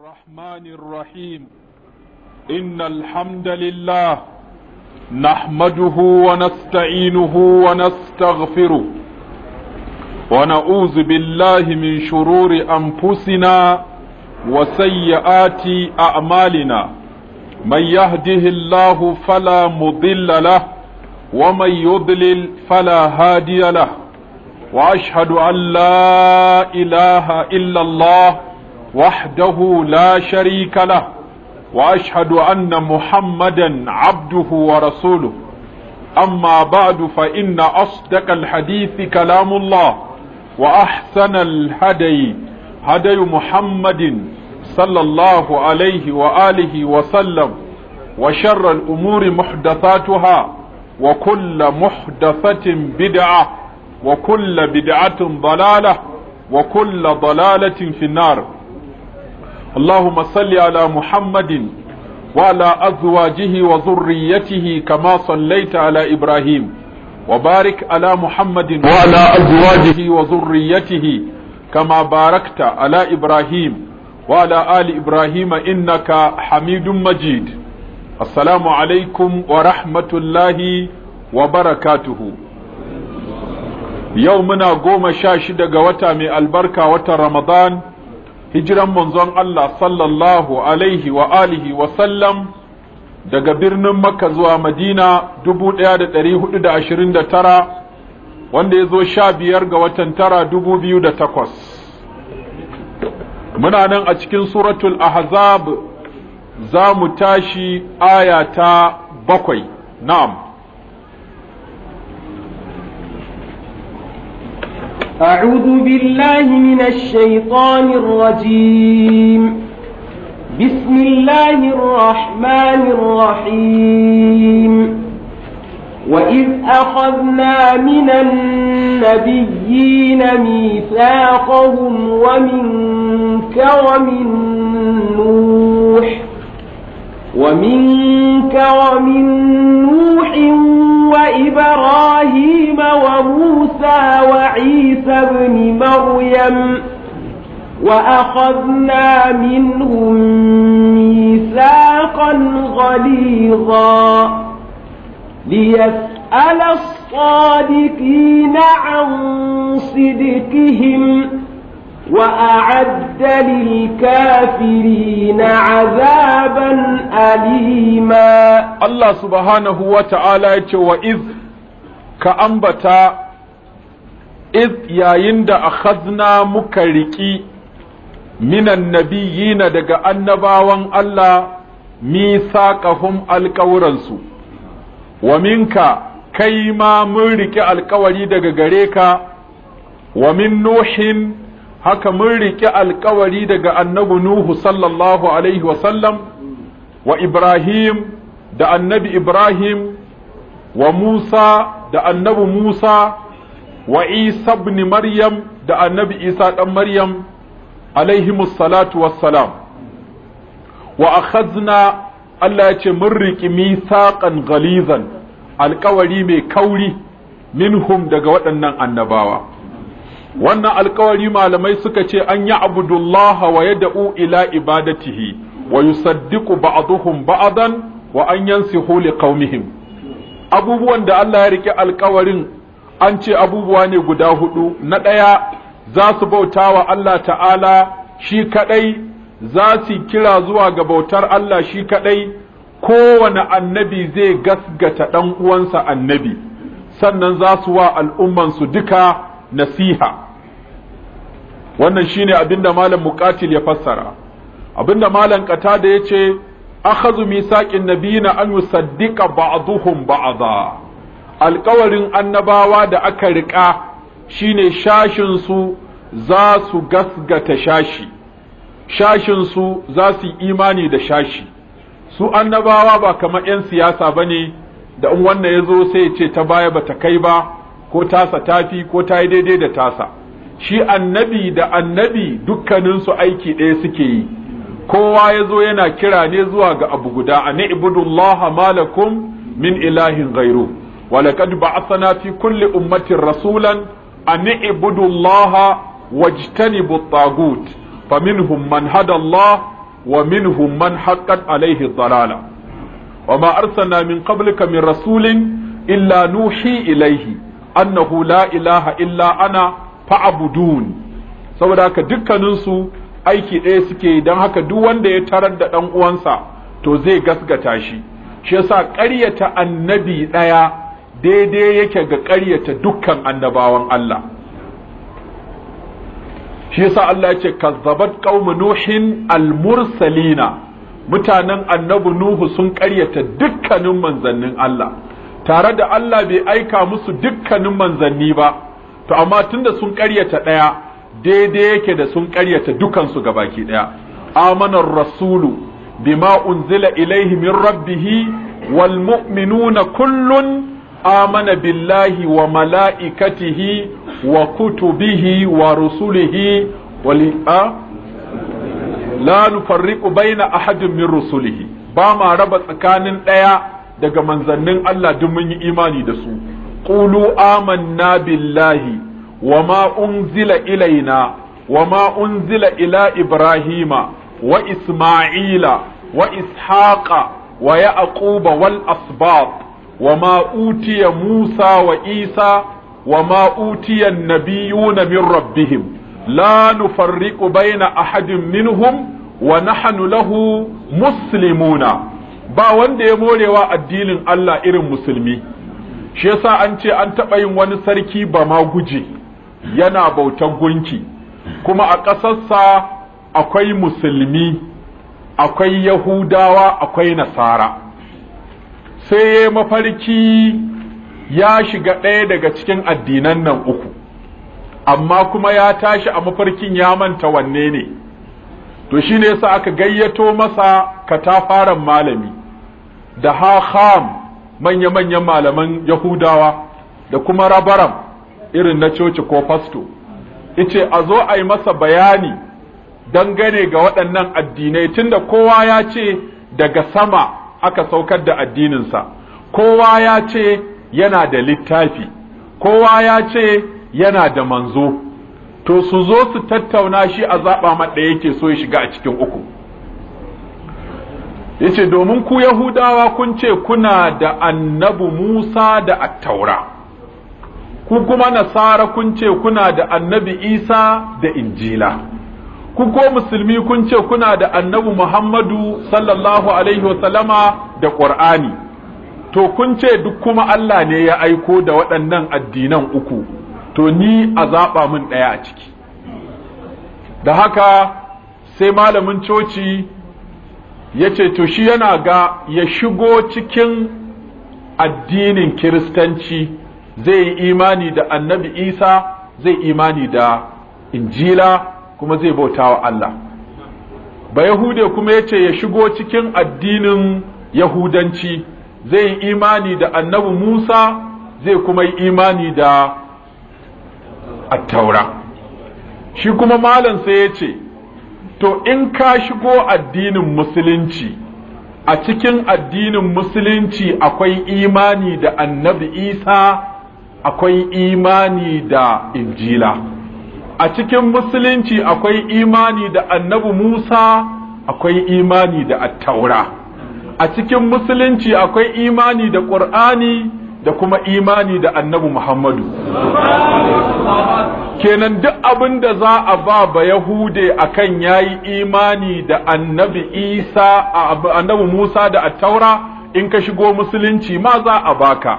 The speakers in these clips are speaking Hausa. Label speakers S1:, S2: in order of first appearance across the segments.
S1: الرحمن الرحيم إن الحمد لله نحمده ونستعينه ونستغفره ونعوذ بالله من شرور أنفسنا وسيئات أعمالنا من يهده الله فلا مضل له ومن يضلل فلا هادي له وأشهد أن لا إله إلا الله وحده لا شريك له وأشهد أن محمدا عبده ورسوله أما بعد فإن أصدق الحديث كلام الله وأحسن الهدي هدي محمد صلى الله عليه وآله وسلم وشر الأمور محدثاتها وكل محدثة بدعة وكل بدعة ضلالة وكل ضلالة في النار اللهم صل على محمد وعلى أزواجه وذريته كما صليت على إبراهيم وبارك على محمد وعلى أزواجه وذريته كما باركت على إبراهيم وعلى آل إبراهيم إنك حميد مجيد السلام عليكم ورحمة الله وبركاته يومنا قوم شاشد قوتا من البركة وترمضان رمضان hijiran manzon Allah sallallahu alaihi wa alihi wa sallam daga birnin Makka zuwa Madina tara, wanda ya zo sha biyar ga watan tara biyu da takwas. muna nan a cikin suratul ahzab za mu tashi aya ta bakwai na'am
S2: أعوذ بالله من الشيطان الرجيم بسم الله الرحمن الرحيم وإذ أخذنا من النبيين ميثاقهم ومنك ومن نوح ومنك ومن نوح وإبراهيم وموسى موسى وعيسى ابن مريم وأخذنا منهم ميثاقا غليظا ليسأل الصادقين عن صدقهم وأعد للكافرين عذابا أليما
S1: الله سبحانه وتعالى وإذ كأنبتا iz yayin da akhadna muka riki minan nabiyina daga annabawan Allah misaqahum alqawransu wa minka kai ma mun riki alkawari daga gare ka wa min nuhin haka mun riki alkawari daga annabi nuhu sallallahu alaihi wa sallam wa ibrahim da annabi ibrahim wa musa da annabi musa wa isa ibn maryam da annabi isa dan maryam alaihi salatu wassalam wa akhadna Allah ya ce mun riƙi misaqan ghalizan alƙawari mai kauri minhum daga waɗannan annabawa wannan alƙawari malamai suka ce an yi abudullaha wa yad'u ila ibadatihi wa yusaddiqu ba'dhum ba'dan wa an yansihu liqaumihim abubuwan da Allah ya rike alƙawarin an ce abubuwa ne guda hudu na ɗaya za su bauta wa Allah ta'ala shi kaɗai za su kira zuwa ga bautar Allah shi kaɗai kowane annabi zai gasgata ɗan uwansa annabi sannan za su wa al'ummansu duka nasiha wannan shine abinda malam muƙatil ya fassara abinda malam ya ce yace akhadhu misaqin nabiyina an yusaddiqa ba'dhum ba'aza. alkawarin annabawa da aka riƙa shine shashinsu za su gasgata shashi shashinsu za su imani da shashi su annabawa ba kamar 'yan siyasa ba ne da in wannan ya zo sai ce ta baya ba ta kai ba ko tasa tafi ko ta yi daidai da tasa shi annabi da annabi dukkaninsu aiki ɗaya suke yi kowa ya zo yana kira ne zuwa ga abu guda a ibudullaha malakum min ilahin gairu wa laqad ba'athna fi kulli ummatin rasulan an ibudu Allah wajtanibu at-tagut faminhum man hada Allah wa minhum man haqqat alayhi ad-dalala وما أرسلنا من rasulin? من nuhi ilaihi. نوحي إليه أنه لا إله إلا أنا فاعبدون saboda haka dukkaninsu aiki ɗaya suke don haka duk wanda ya tarar da ɗan uwansa to zai gasgata shi shi yasa ƙaryata annabi ɗaya daidai yake ga ƙaryata dukkan annabawan Allah shi yasa Allah ya ce kazzabat qaumu nuhin al-mursalina mutanen annabi nuhu sun ƙaryata dukkanin manzannin Allah tare da Allah bai aika musu dukkanin manzanni ba to amma tunda sun ƙaryata ɗaya daidai yake da sun ƙaryata dukansu gabaki ɗaya amanar rasulu bima unzila ilaihi min rabbihi wal mu'minuna kullun amana billahi wa mala'ikatihi wa kutubihi wa rusulihi wali'a la nufarriqu baina ahadin min rusulihi ba ma raba tsakanin ɗaya daga manzannin Allah duk mun yi imani da su qulu amanna billahi wa ma unzila ilaina wa ma unzila ila ibrahima wa isma'ila wa ishaqa wa ya'quba wal asbat wa ma utiya Musa wa Isa wa ma utiya nabiyuna min rabbihim la nufarriqu baina ahadin minhum wa nahnu lahu muslimuna ba wanda ya morewa addinin Allah irin musulmi shi yasa an ce an taɓa yin wani sarki ba ma guje yana bautan gunki kuma a ƙasarsa akwai musulmi akwai yahudawa akwai nasara sai ya mafarki ya shiga ɗaya daga cikin addinan nan uku amma kuma ya tashi a mafarkin ya manta wanne ne to shi ne yasa aka gayyato masa katafaren malami da haham manya-manyan malaman yahudawa da kuma rabaram irin na coci ko fasto ice a zo a yi masa bayani dangane ga waɗannan addinai tunda kowa ya ce daga sama aka saukar da addininsa kowa ya ce yana da littafi kowa ya ce yana da manzo to su zo su tattauna shi a zaɓa maɗa yake so ya shiga a cikin uku ya ce domin ku yahudawa kun ce kuna da annabi musa da attaura ku kuma nasara kun ce kuna da annabi isa da injila ku ko musulmi kun ce kuna da annabi Muhammadu sallallahu alaihi wasallama da Qur'ani to kun ce duk kuma Allah ne ya aiko da waɗannan addinan uku to ni a zaɓa min ɗaya a ciki da haka sai malamin coci ya ce to shi yana ga ya shigo cikin addinin kiristanci zai yi imani da annabi isa zai imani da injila kuma zai bauta wa Allah ba yahude kuma yace ya shigo cikin addinin yahudanci zai yi imani da annabi musa zai kuma yi imani da attaura shi kuma malansa ya ce to in ka shigo addinin musulunci a cikin addinin musulunci akwai imani da annabi isa akwai imani da injila a cikin musulunci akwai imani da annabi Musa akwai imani da attaura a cikin musulunci akwai imani da ƙur'ani da kuma imani da annabi Muhammadu kenan duk abin da za a ba ba Yahude akan yayi imani da annabi Isa annabi Musa da attaura in ka shigo musulunci ma za a baka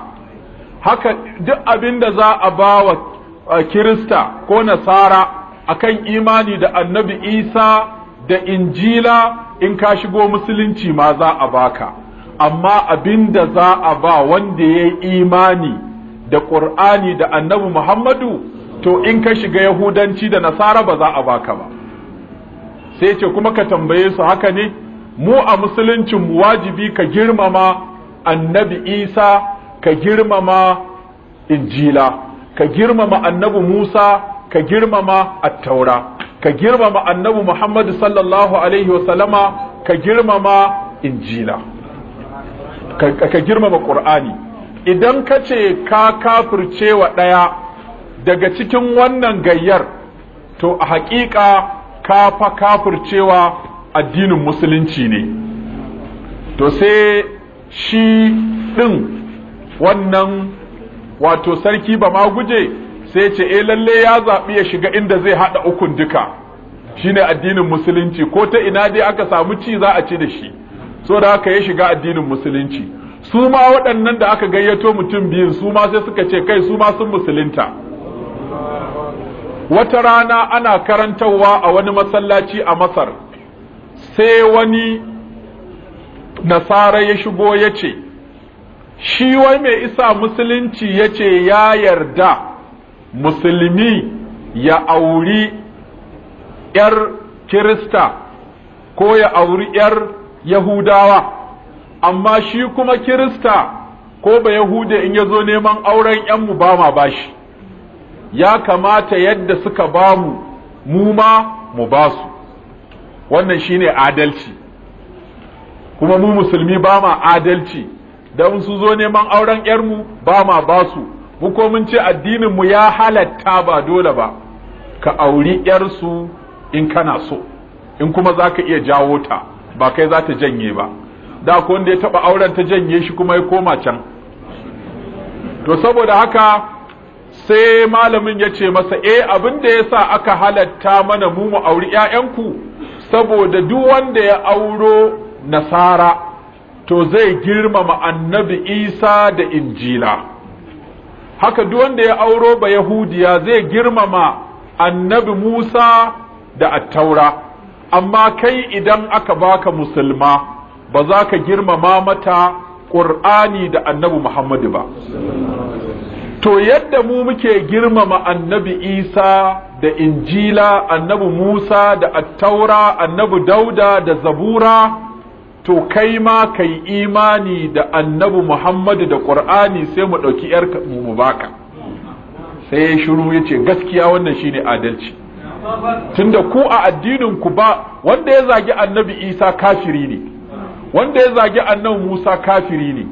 S1: haka duk abin da za a ba wa kirista ko nasara akan imani da annabi isa da injila in ka shigo musulunci ma za a baka amma abin da za a ba wanda ya yi imani da ƙur'ani da annabi muhammadu to in ka shiga yahudanci da nasara ba za a baka ba sai ce kuma ka tambaye su haka ne mu a musuluncin wajibi ka girmama annabi isa ka girmama injila ka girmama annabu Musa ka girmama at-taura ka girmama annabu Muhammadu sallallahu alaihi wa sallama ka girmama injila ka girmama qur'ani idan ka ce ka kafirce wa daya daga cikin wannan gayyar to a haƙiƙa ka fa kafircewa addinin musulunci ne to sai shi ɗin wannan wato sarki ba ma guje sai ce eh lalle ya zaɓi ya shiga inda zai haɗa ukun duka shine addinin musulunci ko ta ina dai aka samu ci za a ci da shi so da haka ya shiga addinin musulunci su ma waɗannan da aka gayyato mutum biyun su ma sai suka ce kai su ma sun musulunta wata rana ana karantarwa a wani masallaci a masar sai wani nasara ya shigo ya ce shi wai mai isa musulunci ya ce ya yarda musulmi ya auri ‘yar kirista ko ya auri ‘yar yahudawa amma shi kuma kirista ko ba yahude in ya zo neman auren 'yan mu ba ma ba shi ya kamata yadda suka ba mu mu ma mu ba su wannan shine adalci kuma mu musulmi ba ma adalci don su zo neman auren yarmu ba ma ba su mu ko mun ce addinin mu ya halatta ba dole ba ka auri su in kana so in kuma zaka iya jawo ta ba kai za ta janye ba da ko wanda ya taba auren ta janye shi kuma ya koma can to saboda haka sai malamin ya ce masa eh abin da ya sa aka halatta mana mu mu auri 'ya'yanku saboda duk wanda ya auro nasara to zai girmama annabi isa da injila haka duk wanda ya auro ba yahudiya zai girmama annabi musa da attaura amma kai idan aka baka musulma ba za ka girmama mata ƙur'ani da annabi muhammadu ba to yadda mu muke girmama annabi isa da injila annabi musa da attaura annabi dauda da zabura to kai ma kai imani da annabi Muhammadu da Qur'ani sai mu ɗauki ‘yar mu baka sai ya shiru ya ce gaskiya wannan shine adalci tunda ku a addinin ku ba wanda ya zagi annabi Isa kafiri ne wanda ya zagi annabi Musa kafiri ne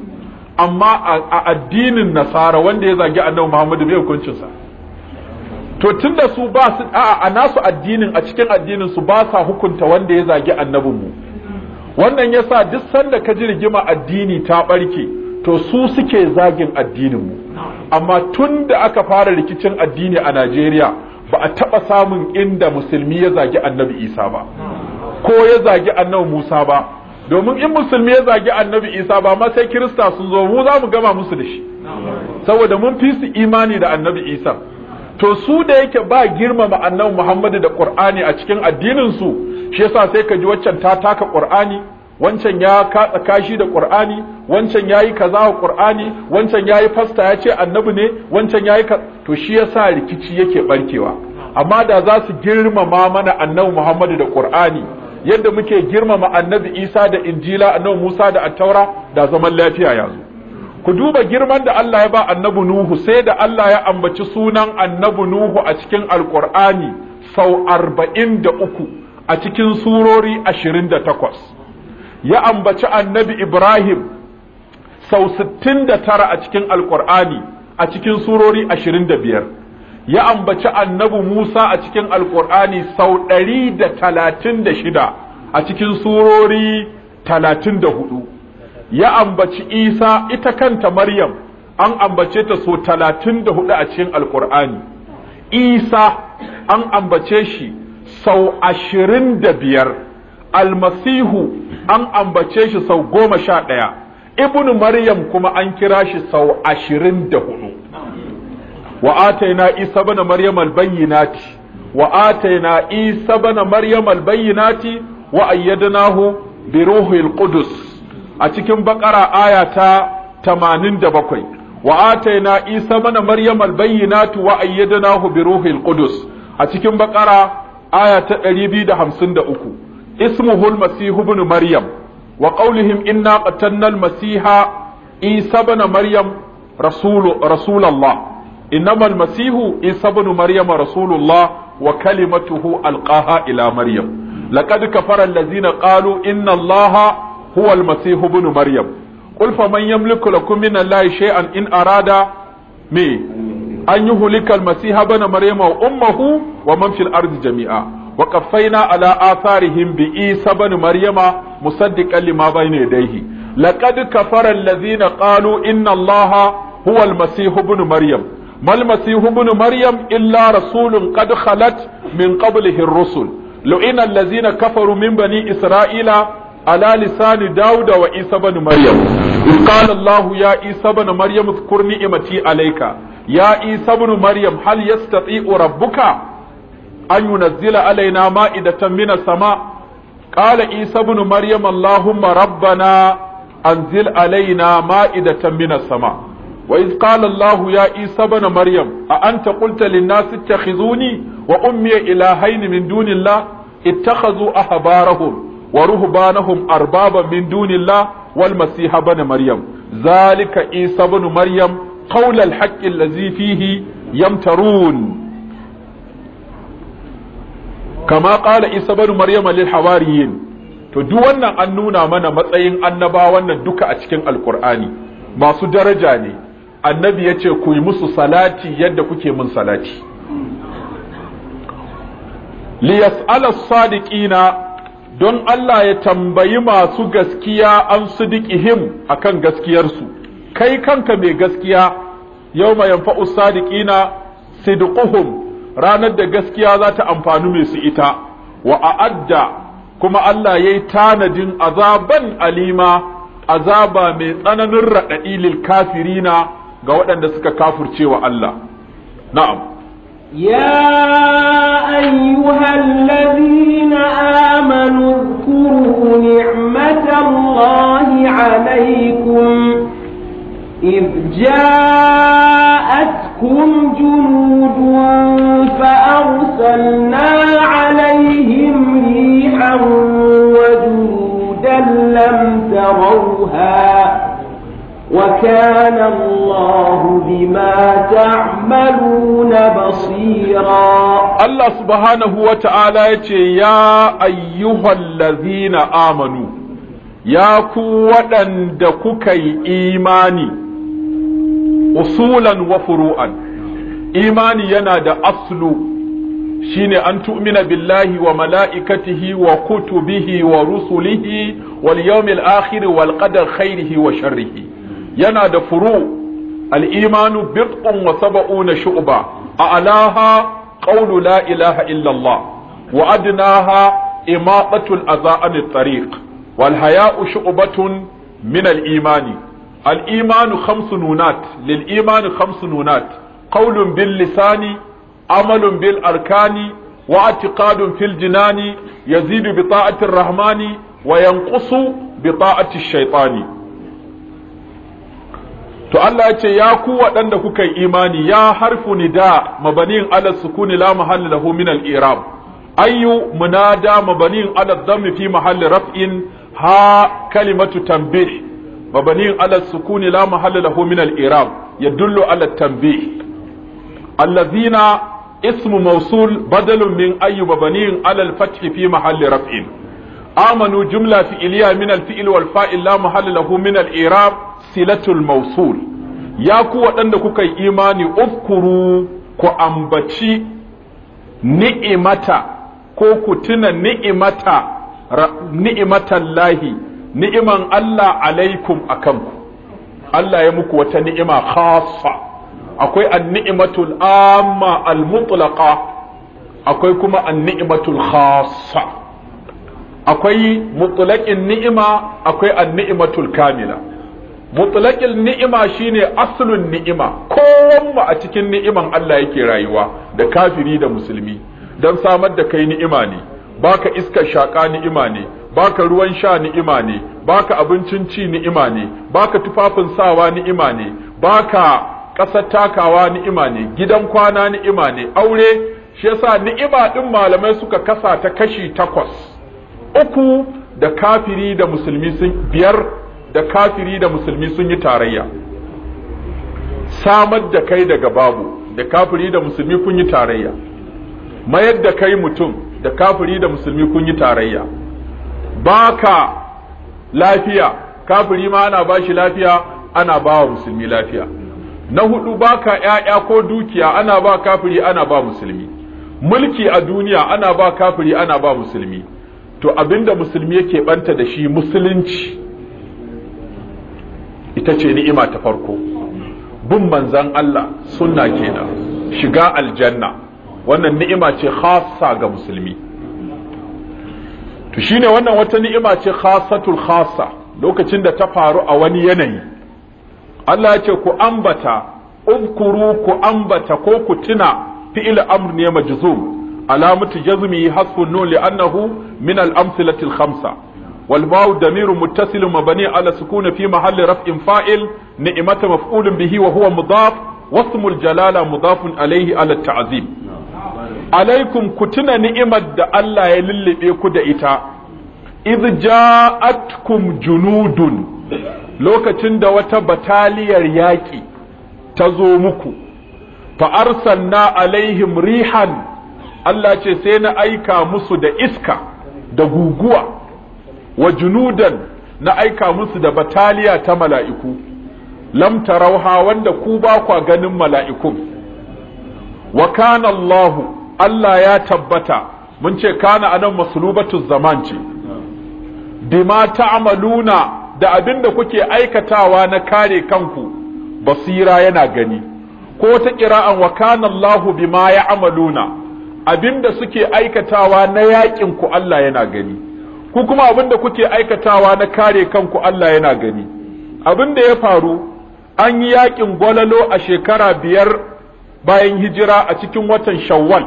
S1: amma a addinin nasara wanda ya zagi annabi Muhammadu bai hukuncinsa to tunda su ba su a nasu addinin a cikin addinin su ba sa hukunta wanda ya zagi annabin mu wannan ya sa duk sanda ka ji rigima addini ta barke to su suke zagin addinin mu amma tun da aka fara rikicin addini a Najeriya ba a taɓa samun inda musulmi ya zagi annabi Isa ba ko ya zagi annabi Musa ba domin in musulmi ya zagi annabi Isa ba ma sai kirista sun zo mu za mu gama musu da shi saboda mun fi su imani da annabi Isa to su da yake ba girmama annabi Muhammadu da Qur'ani a cikin addinin su shi yasa sai ka ji waccan ta taka Qur'ani wancan ya katsa kashi da Qur'ani wancan yayi kaza wa Qur'ani wancan yayi fasta ya ce annabi ne wancan yayi ka to shi yasa rikici yake barkewa amma da za su girmama mana annabi Muhammadu da Qur'ani yadda muke girmama annabi Isa da Injila annabi Musa da Attaura da zaman lafiya yanzu ku duba girman da Allah ya ba annabi Nuhu sai da Allah ya ambaci sunan annabi Nuhu a cikin Alƙur'ani sau arba'in da uku a cikin surori ashirin da takwas ya ambaci annabi Ibrahim sau sittin da tara a cikin Alƙur'ani a cikin surori ashirin da biyar ya ambaci annabi Musa a cikin Alƙur'ani sau ɗari da talatin da shida a cikin surori talatin da hudu ya ambaci isa ita kanta maryam an ambace ta so talatin da hudu a cikin alkur'ani isa an ambace shi sau ashirin da biyar almasihu an ambace shi sau goma sha ɗaya ibnu maryam kuma an kira shi sau ashirin da hudu wa ataina isa bana maryam albayyinati wa ataina isa bana maryam albayyinati wa ayyadnahu bi ruhil qudus a cikin bakara aya ta 87 wa ataina isa mana maryam albayyinatu wa ayyadnahu bi ruhil qudus a cikin bakara aya ta 253 ismuhu almasih ibn maryam wa qawlihim inna qatalna almasiha isa ibn maryam rasul rasulullah innama Masihu, isa ibn maryam rasulullah wa kalimatuhu alqaha ila maryam laqad kafara allazina qalu inna allaha huwa Masihu masih maryam qul faman yamliku lakum min allahi shay'an in arada me an yi al Masiha bana maryam wa ummuhu wa man fil jami'a wa qaffayna ala atharihim bi isa ibn maryama musaddiqan lima bayna yadayhi laqad kafara alladhina qalu inna allaha huwa al-masih ibn maryam ما المسيح ابن مريم إلا رسول قد خلت من قبله الرسل لئن الذين كفروا من بني إسرائيل ala lisani dauda wa isa bani maryam qala allah ya isa bani maryam zkur ni'mati alaika. ya isa bani maryam hal yastati'u rabbuka an yunzila alaina ma'idatan minas sama qala isa bani maryam allahumma rabbana anzil alaina ma'idatan minas sama وإذ قال الله يا عيسى بن wa أأنت قلت للناس اتخذوني وأمي إلهين من دون الله اتخذوا أحبارهم wa ruhbanahum arbaba min dunillah wal masiha bana maryam zalika isa ibn maryam qawl al haqq allazi fihi kama ƙala isa ibn maryam lil hawariyin to duk wannan an nuna mana matsayin annabawan nan duka a cikin Alƙur'ani masu daraja ne annabi yace ku yi musu salati yadda kuke mun salati Liyas alas sadiqina don Allah ya tambayi masu gaskiya an a kan gaskiyarsu kai kanka mai gaskiya yau yawma yanfa'u sadiqina sidquhum ranar da gaskiya za ta amfani mai su ita wa a'adda kuma Allah ya yi tanadin azaban alima azaba mai tsananin raɗaɗi, lil kafirina ga waɗanda suka kafurce wa Allah na'am يا
S2: أيها الذين آمنوا اذكروا نعمة الله عليكم إذ جاءتكم جنود فأرسلنا عليهم ريحا وجنودا لم تروها وكان الله بما تعملون بصيرا
S1: الله سبحانه وتعالى يا أيها الذين آمنوا يا قوة دكوكي إيماني أصولا وفروعا إيماني ينادى أصل shine an tu'mina billahi wa mala'ikatihi wa kutubihi wa rusulihi wal yawmil akhir wal qadar khairihi wa sharrihi yana da furu al'imanu bid'un wa shu'uba a a'laha ƙaunu la ilaha illallah, wa adnaha imaqatul adha an at-tariq wal haya'u shu'batun min al-imani al-imanu khamsu nunat lil imani khamsu nunat qawlun bil lisani amalun bil arkani واعتقاد في الجنان يزيد بطاعة الرحمن وينقص بطاعة الشيطان to Allah ya ce ya ku waɗanda kuka yi imani ya harfu ni da mabanin ala sukuni la mahalla lahu min al iram. ayyu munada mabanin alas dhammi fi mahalli raf'in ha kalimatu tanbih mabanin ala sukuni la mahalla lahu min al i'rab yadullu ala tanbih alladhina ismu mawsul badalun min ayyu mabanin ala al fi mahalli raf'in amanu jumla fi'liya min al fi'l wal fa'il la mahalla lahu min al i'rab silatul mausul ya ku waɗanda kuka yi imani ufkuru ku ambaci ni'imata ko ku tuna ni'imata lahi, ni'iman Allah alaikum a kanku. Allah ya muku wata ni'ima khassa akwai an-ni'matul amma al-mutlaqa akwai kuma an-ni'matul khassa akwai mutlaqin ni'ima akwai an-ni'matul kamila mutlaqil ni'ima shine aslun ni'ima kowan mu a cikin ni'iman Allah yake rayuwa da kafiri da musulmi don samar da kai ni'ima ne baka iskar shaka ni'ima ne baka ruwan sha ni'ima ne baka abincin ci ni'ima ne baka tufafin sawa ni'ima ne baka ƙasar takawa ni'ima ne gidan kwana ni'ima ne aure shi yasa ni'ima din malamai suka kasa ta kashi takwas uku da kafiri da musulmi sun biyar da kafiri da musulmi sun yi tarayya samar da kai daga babu da kafiri da musulmi kun yi tarayya mayar da kai mutum da kafiri da musulmi kun yi tarayya baka lafiya kafiri ma ana ba shi lafiya ana ba wa musulmi lafiya na hudu baka 'ya'ya ko dukiya ana ba kafiri ana ba musulmi mulki a duniya ana ba kafiri ana ba musulmi to abinda musulmi yake banta da shi musulunci ita ce ni'ima ta farko bin manzan Allah sunna kenan shiga aljanna wannan ni'ima ce khassa ga musulmi to shine wannan wata ni'ima ce khassatul khassa lokacin da ta faru a wani yanayi Allah ya ce ku ambata uzkuru ku ambata ko ku tuna fi'il amr ne majzum alamatu jazmi hasfun nun li'annahu min al-amthilati al-khamsa والواو ضمير متصل مبني على سكون في محل رفع فاعل نعمة مفعول به وهو مضاف واسم الجلالة مضاف عليه على التعظيم عليكم كتنا نعمة الله يللي كد إتا إذ جاءتكم جنود lokacin da wata bataliyar yaƙi ta zo muku fa'arsanna alaihim rihan Allah ce sai na aika musu da iska da guguwa wa junudan na aika musu da bataliya ta mala'iku lam tarauha wanda ku ba kwa ganin mala'ikun wa kana Allahu Allah ya tabbata mun ce kana anan maslubatu zaman ce bima amaluna da abin da kuke aikatawa na kare kanku basira yana gani ko ta ƙira'an wa kana Allahu bima ya'maluna abin da suke aikatawa na yakin ku Allah yana gani ku kuma abin da kuke aikatawa na kare kanku Allah yana gani abin da ya faru an yi yakin gwalalo a shekara biyar bayan hijira a cikin watan shawwal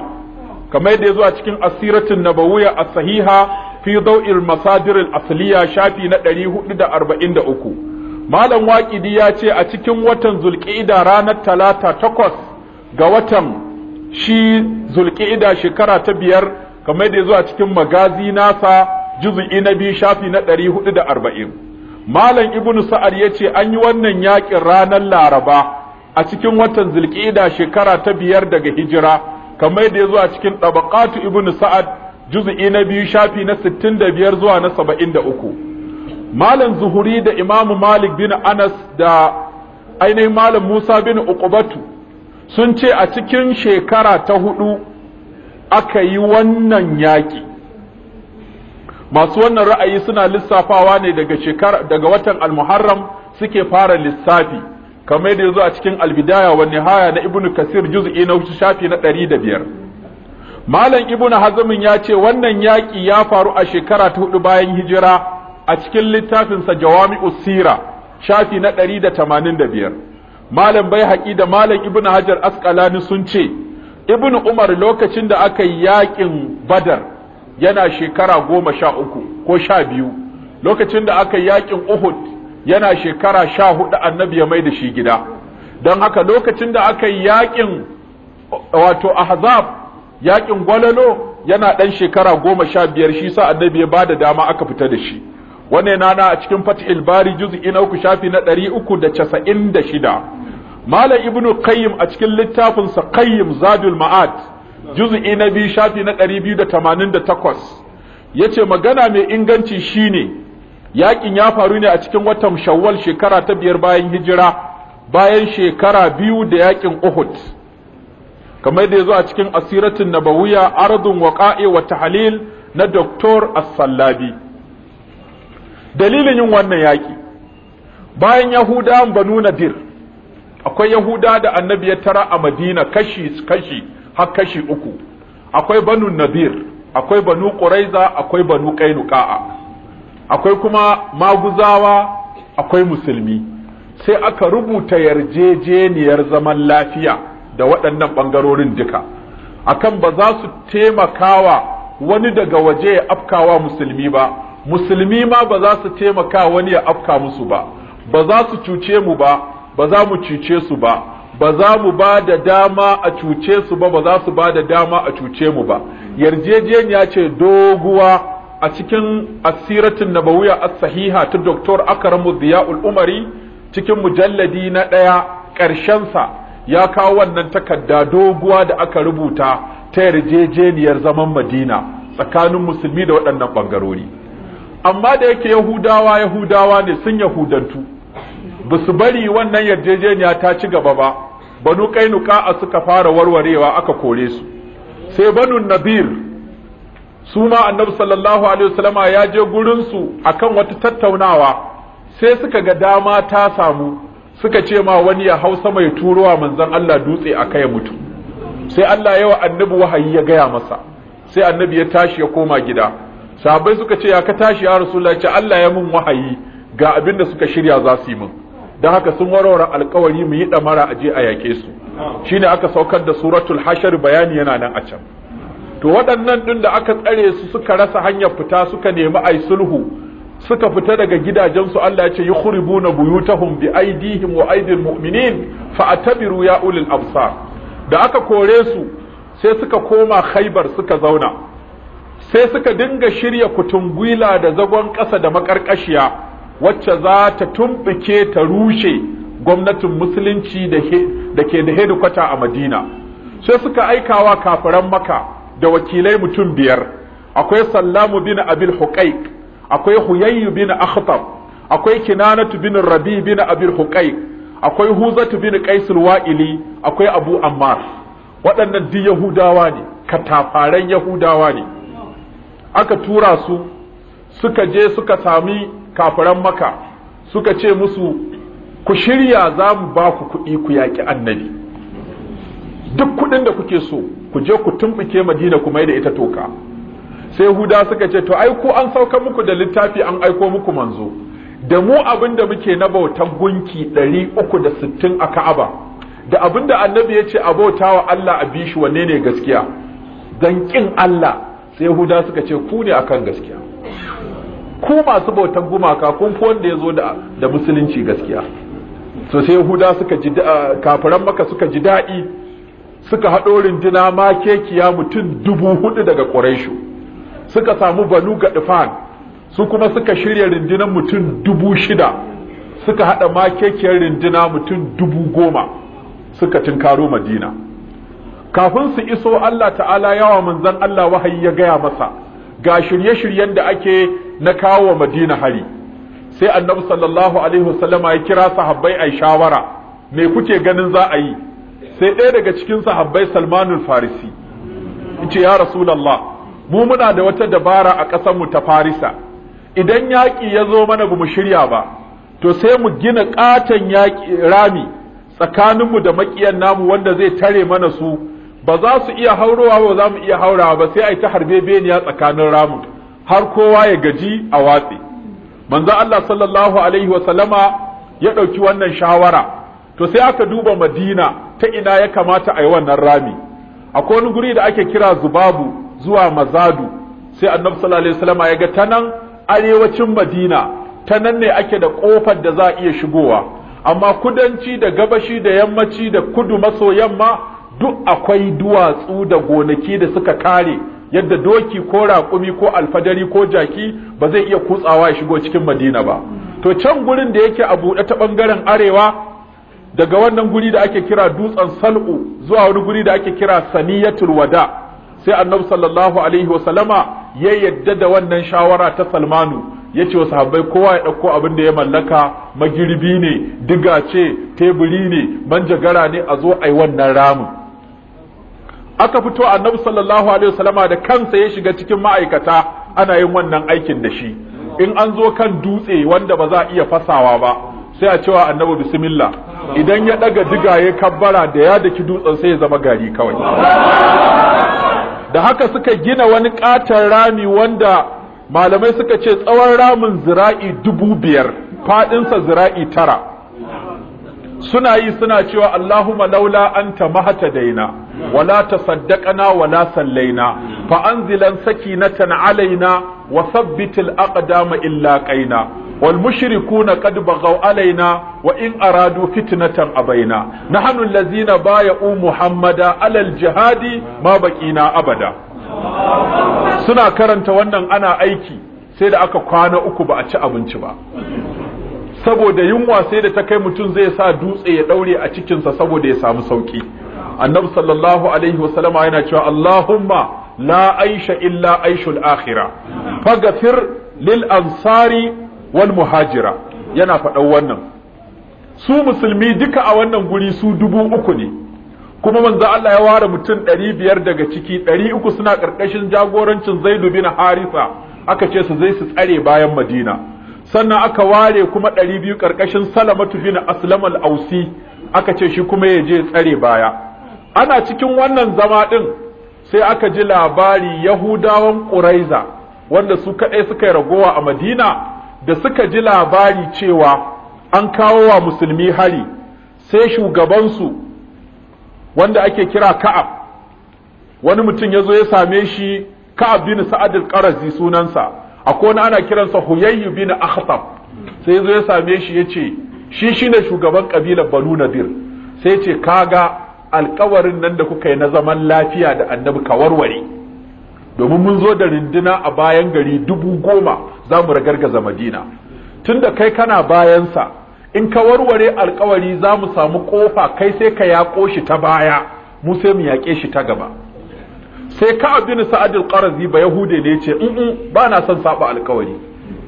S1: kamar yadda ya zo a cikin asiratun nabawiyya a sahiha fi dau'il masadir asliya shafi na 443 malam waƙidi ya ce a cikin watan zulƙida ranar talata takwas ga watan shi zulqa'ida shekara ta biyar kamar yadda ya zo a cikin magazi nasa juz'i na biyu shafi na arba'in malam ibnu sa'ad yace an yi wannan yaƙin ranar laraba a cikin watan zulqa'ida shekara ta biyar daga hijira kamar da yazo a cikin tabaqatu ibnu sa'ad juz'i na biyu shafi na 65 zuwa na 73 malam zuhuri da imamu malik bin anas da ainihin malam musa bin uqubatu sun ce a cikin shekara ta hudu aka yi wannan yaƙi masu wannan ra'ayi suna lissafawa ne daga shekara daga watan al-muharram suke fara lissafi kamar da yazo a cikin al-bidaya wa nihaya na ibnu kasir juz'i na shafi na 105 malam ibnu hazmin ya ce wannan yaki ya faru a shekara ta hudu bayan hijira a cikin littafin sa jawami'us sira shafi na 185 malam bai haƙi da malam ibnu hajar asqalani sun ce ibnu umar lokacin da aka yi yakin badar yana shekara goma sha uku ko sha biyu lokacin da aka yakin uhud yana shekara sha hudu annabi ya mai da shi gida don haka lokacin da aka yakin wato ahzab yakin gwalalo yana dan shekara goma sha biyar shi sa annabi ya bada dama aka fita da shi wannan nana a cikin fatihil ilbari juz'i na uku shafi na ɗari uku da casa'in da shida malam ibnu qayyim a cikin littafinsa qayyim zadul ma'ad juz'i na biyu shafi na 288 yace magana mai inganci shine yakin ya faru ne a cikin watan Shawwal shekara ta biyar bayan hijira bayan shekara biyu da yakin Uhud kamar da yazo a cikin asiratun nabawiyya ardun waqa'i wa tahlil na doktor as dalilin yin wannan yaki bayan Yahudawan Banu Nadir akwai Yahuda da Annabi ya tara a Madina kashi kashi har kashi uku akwai banu nadir akwai banu ƙuraiza, akwai banu qainuqa'a akwai kuma maguzawa akwai musulmi sai aka rubuta yarjejeniyar zaman lafiya da waɗannan ɓangarorin duka akan ba za su taimakawa wani daga waje ya afkawa musulmi ba musulmi ma ba za su taimaka wani ya afka musu ba ba za su cuce mu ba ba za mu cuce su ba ba za mu ba da dama a cuce su ba ba za su ba da dama a cuce mu ba yarjejeniya ce doguwa a cikin asiratin nabawiya as-sahiha ta Akaramu Akramu Ziyaul Umari cikin mujalladi na ɗaya ƙarshensa ya kawo wannan takarda doguwa da aka rubuta ta yarjejeniyar zaman Madina tsakanin musulmi da waɗannan ɓangarori amma da yake Yahudawa Yahudawa ne sun Yahudantu ba su bari wannan yarjejeniya ta ci gaba ba banu kainuka suka fara warwarewa aka kore su sai banu nabir su ma annabi sallallahu alaihi wasallama ya je gurin su akan wata tattaunawa sai suka ga dama ta samu suka ce ma wani ya hausa mai turowa manzon Allah dutse akai kai mutu sai Allah yawa annabi wahayi ya gaya masa sai annabi ya tashi ya koma gida sahabbai suka ce ya ka tashi ya rasulullahi ce Allah ya mun wahayi ga abin da suka shirya za su yi mun don haka sun warware alkawari mu yi damara a je a yake
S3: su
S1: ne aka saukar da suratul hashar bayani yana nan a can to waɗannan ɗin da aka tsare su suka rasa hanyar fita suka nemi ai sulhu suka fita daga gidajensu Allah ya ce na buyutahum bi aidihim wa aidin mu'minin fa atabiru ya ulil amsa da aka kore su sai suka koma Khaibar suka zauna sai suka dinga shirya kutungwila da zagon ƙasa da maƙarƙashiya. wacce za ta tumbuke ta rushe gwamnatin musulunci da ke da hedikwata a madina sai suka aika wa kafiran maka da wakilai mutum biyar akwai sallamu bin abil huqaiq akwai huyayyu bin akhtab akwai kinanatu bin rabi bin abil huqaiq akwai huzatu bin qaisul wa'ili akwai abu ammar waɗannan duk yahudawa ne katafaren yahudawa ne aka tura su suka je suka sami kafiran maka suka ce musu ku shirya za mu ba ku kuɗi ku yaƙi annabi duk kuɗin da kuke so ku je ku tumɓuke madina ku mai da ita toka sai huda suka ce to ai ko an sauka muku da littafi an aiko muku manzo da mu abin da muke na bautan gunki 360 a ka'aba da abin da annabi ya ce a bautawa Allah a bishi wanne ne gaskiya dan kin Allah sai huda suka ce ku ne akan gaskiya ku masu bautan gumaka kun wanda ya zo da musulunci gaskiya so sai huda suka ji kafiran maka suka ji daɗi suka haɗo rindina ma kekiya mutum dubu hudu daga ƙwaraishu suka samu banu gaɗifan su kuma suka shirya rindinan mutum dubu shida suka haɗa ma kekiyar rindina mutum dubu goma suka tunkaro madina kafin su iso allah ta'ala yawa manzan allah wahayi ya gaya masa ga shirye-shiryen da ake na kawo wa madina hari sai annabi sallallahu alaihi wasallama ya kira sahabbai ai shawara me kuke ganin za a yi sai ɗaya daga cikin sahabbai salmanul farisi yace ya rasulallah mu muna da wata dabara a ƙasar mu ta farisa idan yaƙi ya zo mana bamu shirya ba to sai mu gina ƙaton yaƙi rami tsakaninmu da maƙiyan namu wanda zai tare mana su ba za su iya haurowa ba za mu iya haurawa ba sai a ta harbe beniya tsakanin ramin har kowa ya gaji a watsi manzo Allah sallallahu alaihi wa sallama ya ɗauki wannan shawara to sai aka duba madina ta ina ya kamata a yi wannan rami akwai wani guri da ake kira zubabu zuwa mazadu sai annabi sallallahu alaihi ya ga ta nan arewacin madina ta nan ne ake da kofar da za a iya shigowa amma kudanci da gabashi da yammaci da kudu maso yamma duk akwai duwatsu da gonaki da suka kare yadda doki ko raƙumi ko alfadari ko jaki ba zai iya kutsawa ya shigo cikin madina ba to can gurin da yake a buɗe ta ɓangaren arewa daga wannan guri da ake kira dutsen sal'u zuwa wani guri da ake kira saniyatul wada sai annabi sallallahu alaihi wasallama ya yadda da wannan shawara ta salmanu ya ce wa sahabbai kowa ya ɗauko abin da ya mallaka magirbi ne diga ce teburi ne manjagara ne a zo a wannan ramin aka fito annabi sallallahu alaihi wasallama da kansa ya shiga cikin ma'aikata ana yin wannan aikin da shi in an zo kan dutse wanda ba za a iya fasawa ba sai a cewa annabi bismillah idan ya daga diga ya kabbara da ya daki dutsen sai ya zama gari kawai da haka suka gina wani katon rami wanda malamai suka ce tsawon ramin zira'i dubu biyar faɗinsa zira'i tara suna yi suna cewa Allahumma laula anta daina, wala tasaddaqana wala sallaina fa anzilan sakinatan alaina wa thabbitil aqdama illa qaina wal mushrikuuna qad baghaw alaina wa in aradu fitnatan abaina nahnu allazina bay'u muhammada alal jihadi ma baqina abada suna karanta wannan ana aiki sai da aka kwana uku ba a ci abinci ba saboda yunwa sai da ta kai mutum zai sa dutse ya daure a cikinsa saboda ya samu sauki annabi sallallahu alaihi wasallama yana cewa allahumma la aisha illa aishul akhira faghfir lil ansari wal muhajira yana faɗan wannan su musulmi duka a wannan guri su dubu uku ne kuma manzo Allah ya ware mutum ɗari biyar daga ciki ɗari uku suna ƙarƙashin jagorancin zaidu bin harisa aka ce su zai su tsare bayan madina sannan aka ware kuma ɗari biyu ƙarƙashin salamatu bin aslam al-ausi aka ce shi kuma ya je tsare baya ana cikin wannan zama ɗin sai aka ji labari yahudawan ƙuraiza wanda su kaɗai suka yi ragowa a madina da suka ji labari cewa an kawo wa musulmi hari sai shugabansu wanda ake kira ka'ab wani mutum ya zo ya same shi ka'ab bin sa'ad al-qarazi sunansa akwai na ana kiransa huyayyu bin akhtab sai zo ya same shi ya ce shi shine shugaban kabilar banu nadir sai ce kaga alkawarin nan da kuka yi na zaman lafiya da annabi ka warware domin mun zo da rinduna a bayan gari dubu goma za mu ragargaza madina tun da kai kana bayan sa in ka warware alkawari za mu samu kofa kai sai ka yaƙo shi ta baya mu sai mu yaƙe shi ta gaba sai ka bin sa'ad al-qarazi ba yahude ne yace in ba na son saba alkawari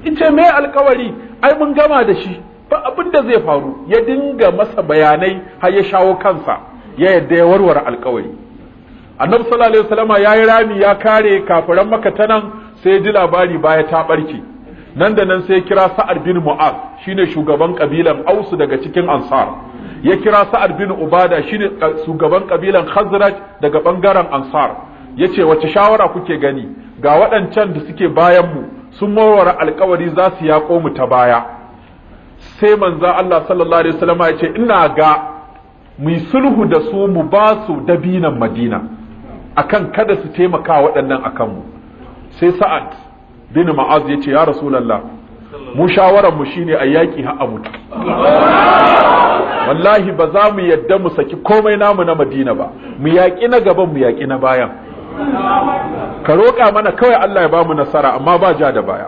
S1: ce me alkawari ai mun gama da shi ba abin da zai faru ya dinga masa bayanai har ya shawo kansa ya yadda ya warware alkawari annabi sallallahu alaihi wasallama yayi rami ya kare kafiran maka ta nan sai ji labari baya ta barki nan da nan sai kira sa'ad bin mu'az shine shugaban kabilan ausu daga cikin ansar ya kira sa'ad bin ubada shine eh, shugaban kabilan khazraj daga ɓangaren ansar Ya ce wace shawara kuke gani ga waɗancan da suke bayan mu sun warware alkawari za su yaƙo mu ta baya sai manza Allah sallallahu alaihi wasallam ya ce ina ga mu sulhu da su mu ba su dabinan Madina akan kada su taimaka waɗannan akan mu sai Sa'ad bin Ma'az ya ce ya Rasulullah mu shawaran mu shine a yaƙi har mutu wallahi ba za mu yadda mu saki komai namu na Madina ba mu yaƙi na gaban mu yaƙi na bayan ka roƙa mana kawai Allah ya ba mu nasara amma ba ja da baya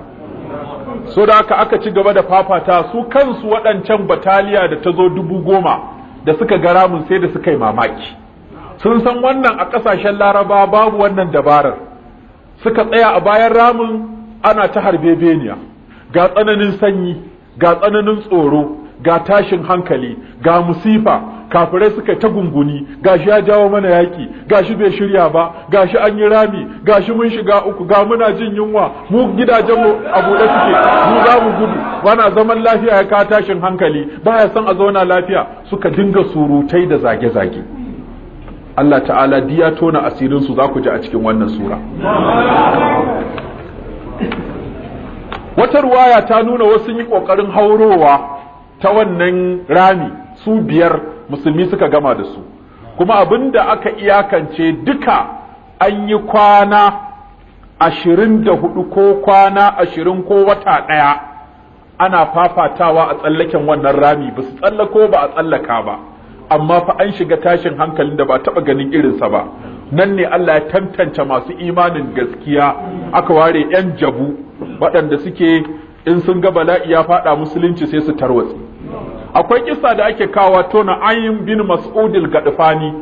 S1: so da haka aka ci gaba da fafata su kansu waɗancan bataliya da ta zo dubu goma da suka ga ramin sai da suka yi mamaki sun san wannan a ƙasashen laraba babu wannan dabarar suka tsaya a bayan ramin ana ta harbe harbebeniya ga tsananin sanyi ga tsananin tsoro ga tashin hankali ga musifa kafirai suka ta gunguni gashi ya jawo mana yaki gashi bai shirya ba gashi an yi rami gashi mun shiga uku ga muna jin yunwa mu gidajen mu a buɗe suke mu za mu gudu bana zaman lafiya ya ka tashin hankali baya son a zauna lafiya suka dinga surutai da zage-zage Allah ta'ala diya tona asirin su za ku ji a cikin wannan sura wata ruwaya ta nuna wasu yi kokarin haurowa ta wannan rami su biyar musulmi suka gama da su kuma abin da aka iyakance duka an yi kwana ashirin da hudu ko kwana ashirin ko wata ɗaya ana fafatawa a tsallaken wannan rami ba su tsallako ba a tsallaka ba amma fa an shiga tashin hankalin da ba taba ganin irinsa ba nan ne Allah ya tantance masu imanin gaskiya aka ware 'yan jabu waɗanda suke in sun ga bala'i ya faɗa musulunci sai su tarwatsi akwai kissa da ake kawa tona ayin bin mas'udil gadfani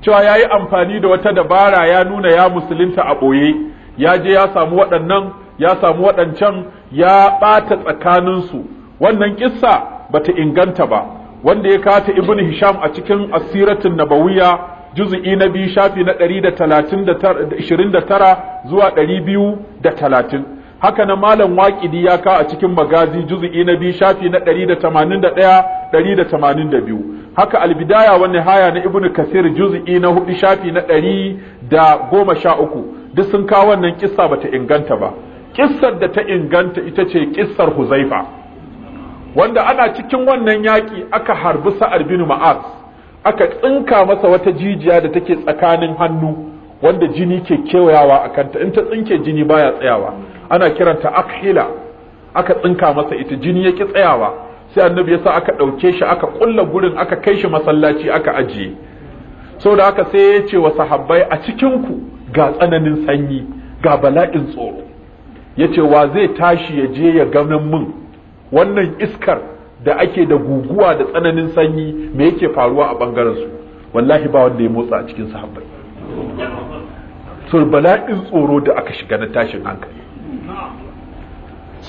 S1: cewa ya yi amfani da wata dabara ya nuna ya musulunta a boye ya je ya samu waɗannan ya samu waɗancan ya ɓata tsakaninsu wannan kissa bata inganta ba wanda ya kata ibn hisham a cikin asiratin nabawiya juz'i na biyu shafi na 129 zuwa 230 haka nan malam waƙidi ya ka a cikin magazi juz'i na biyu shafi na 181 182 haka albidaya wani haya na ibnu kasir juz'i na hudu shafi na 113 duk sun kawo wannan kissa bata inganta ba kissar da ta inganta ita ce kissar huzaifa wanda ana cikin wannan yaƙi aka harbi sa'ar bin ma'az aka tsinka masa wata jijiya da take tsakanin hannu wanda jini ke kewayawa a kanta in ta tsinke jini baya tsayawa ana kiranta akhila aka tsinka masa ita jini yake tsayawa sai annabi yasa aka ɗauke shi aka ƙulla gurin aka kai shi masallaci aka ajiye saboda haka sai ya ce wa sahabbai a cikin ku ga tsananin sanyi ga bala'in tsoro yace wa zai tashi ya je ya ganin mun wannan iskar da ake da guguwa da tsananin sanyi me yake faruwa a bangaren su wallahi ba wanda ya motsa a cikin sahabbai sur bala'in tsoro da aka shiga na tashin hankali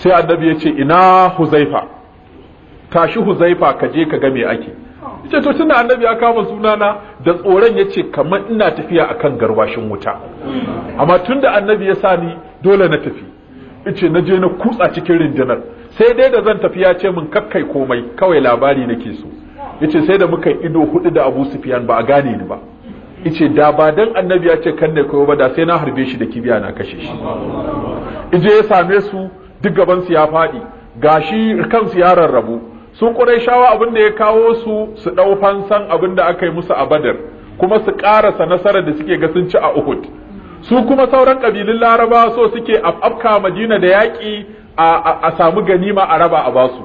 S1: sai annabi ya ce ina huzaifa tashi huzaifa ka je ka ga me ake yace to tunda annabi ya kama sunana da tsoron ya ce kamar ina tafiya akan garwashin wuta amma tunda annabi ya sani dole na tafi Ice na je na kutsa cikin rindinar sai dai da zan tafi ya ce min kakkai komai kawai labari nake so yace sai da muka ido hudu da Abu Sufyan ba a gane ni ba ice da ba dan annabi ya ce kan ne koyo ba da sai na harbe shi da kibiya na kashe shi ije ya same su duk gabansu ya faɗi gashi kansu ya rarrabu su shawa abin da ya kawo su su ɗau fansan abin da aka yi musu a badar kuma su ƙarasa nasarar da suke ga sun a uhud su kuma sauran ƙabilun laraba so suke afka madina da yaƙi a samu ganima a raba a basu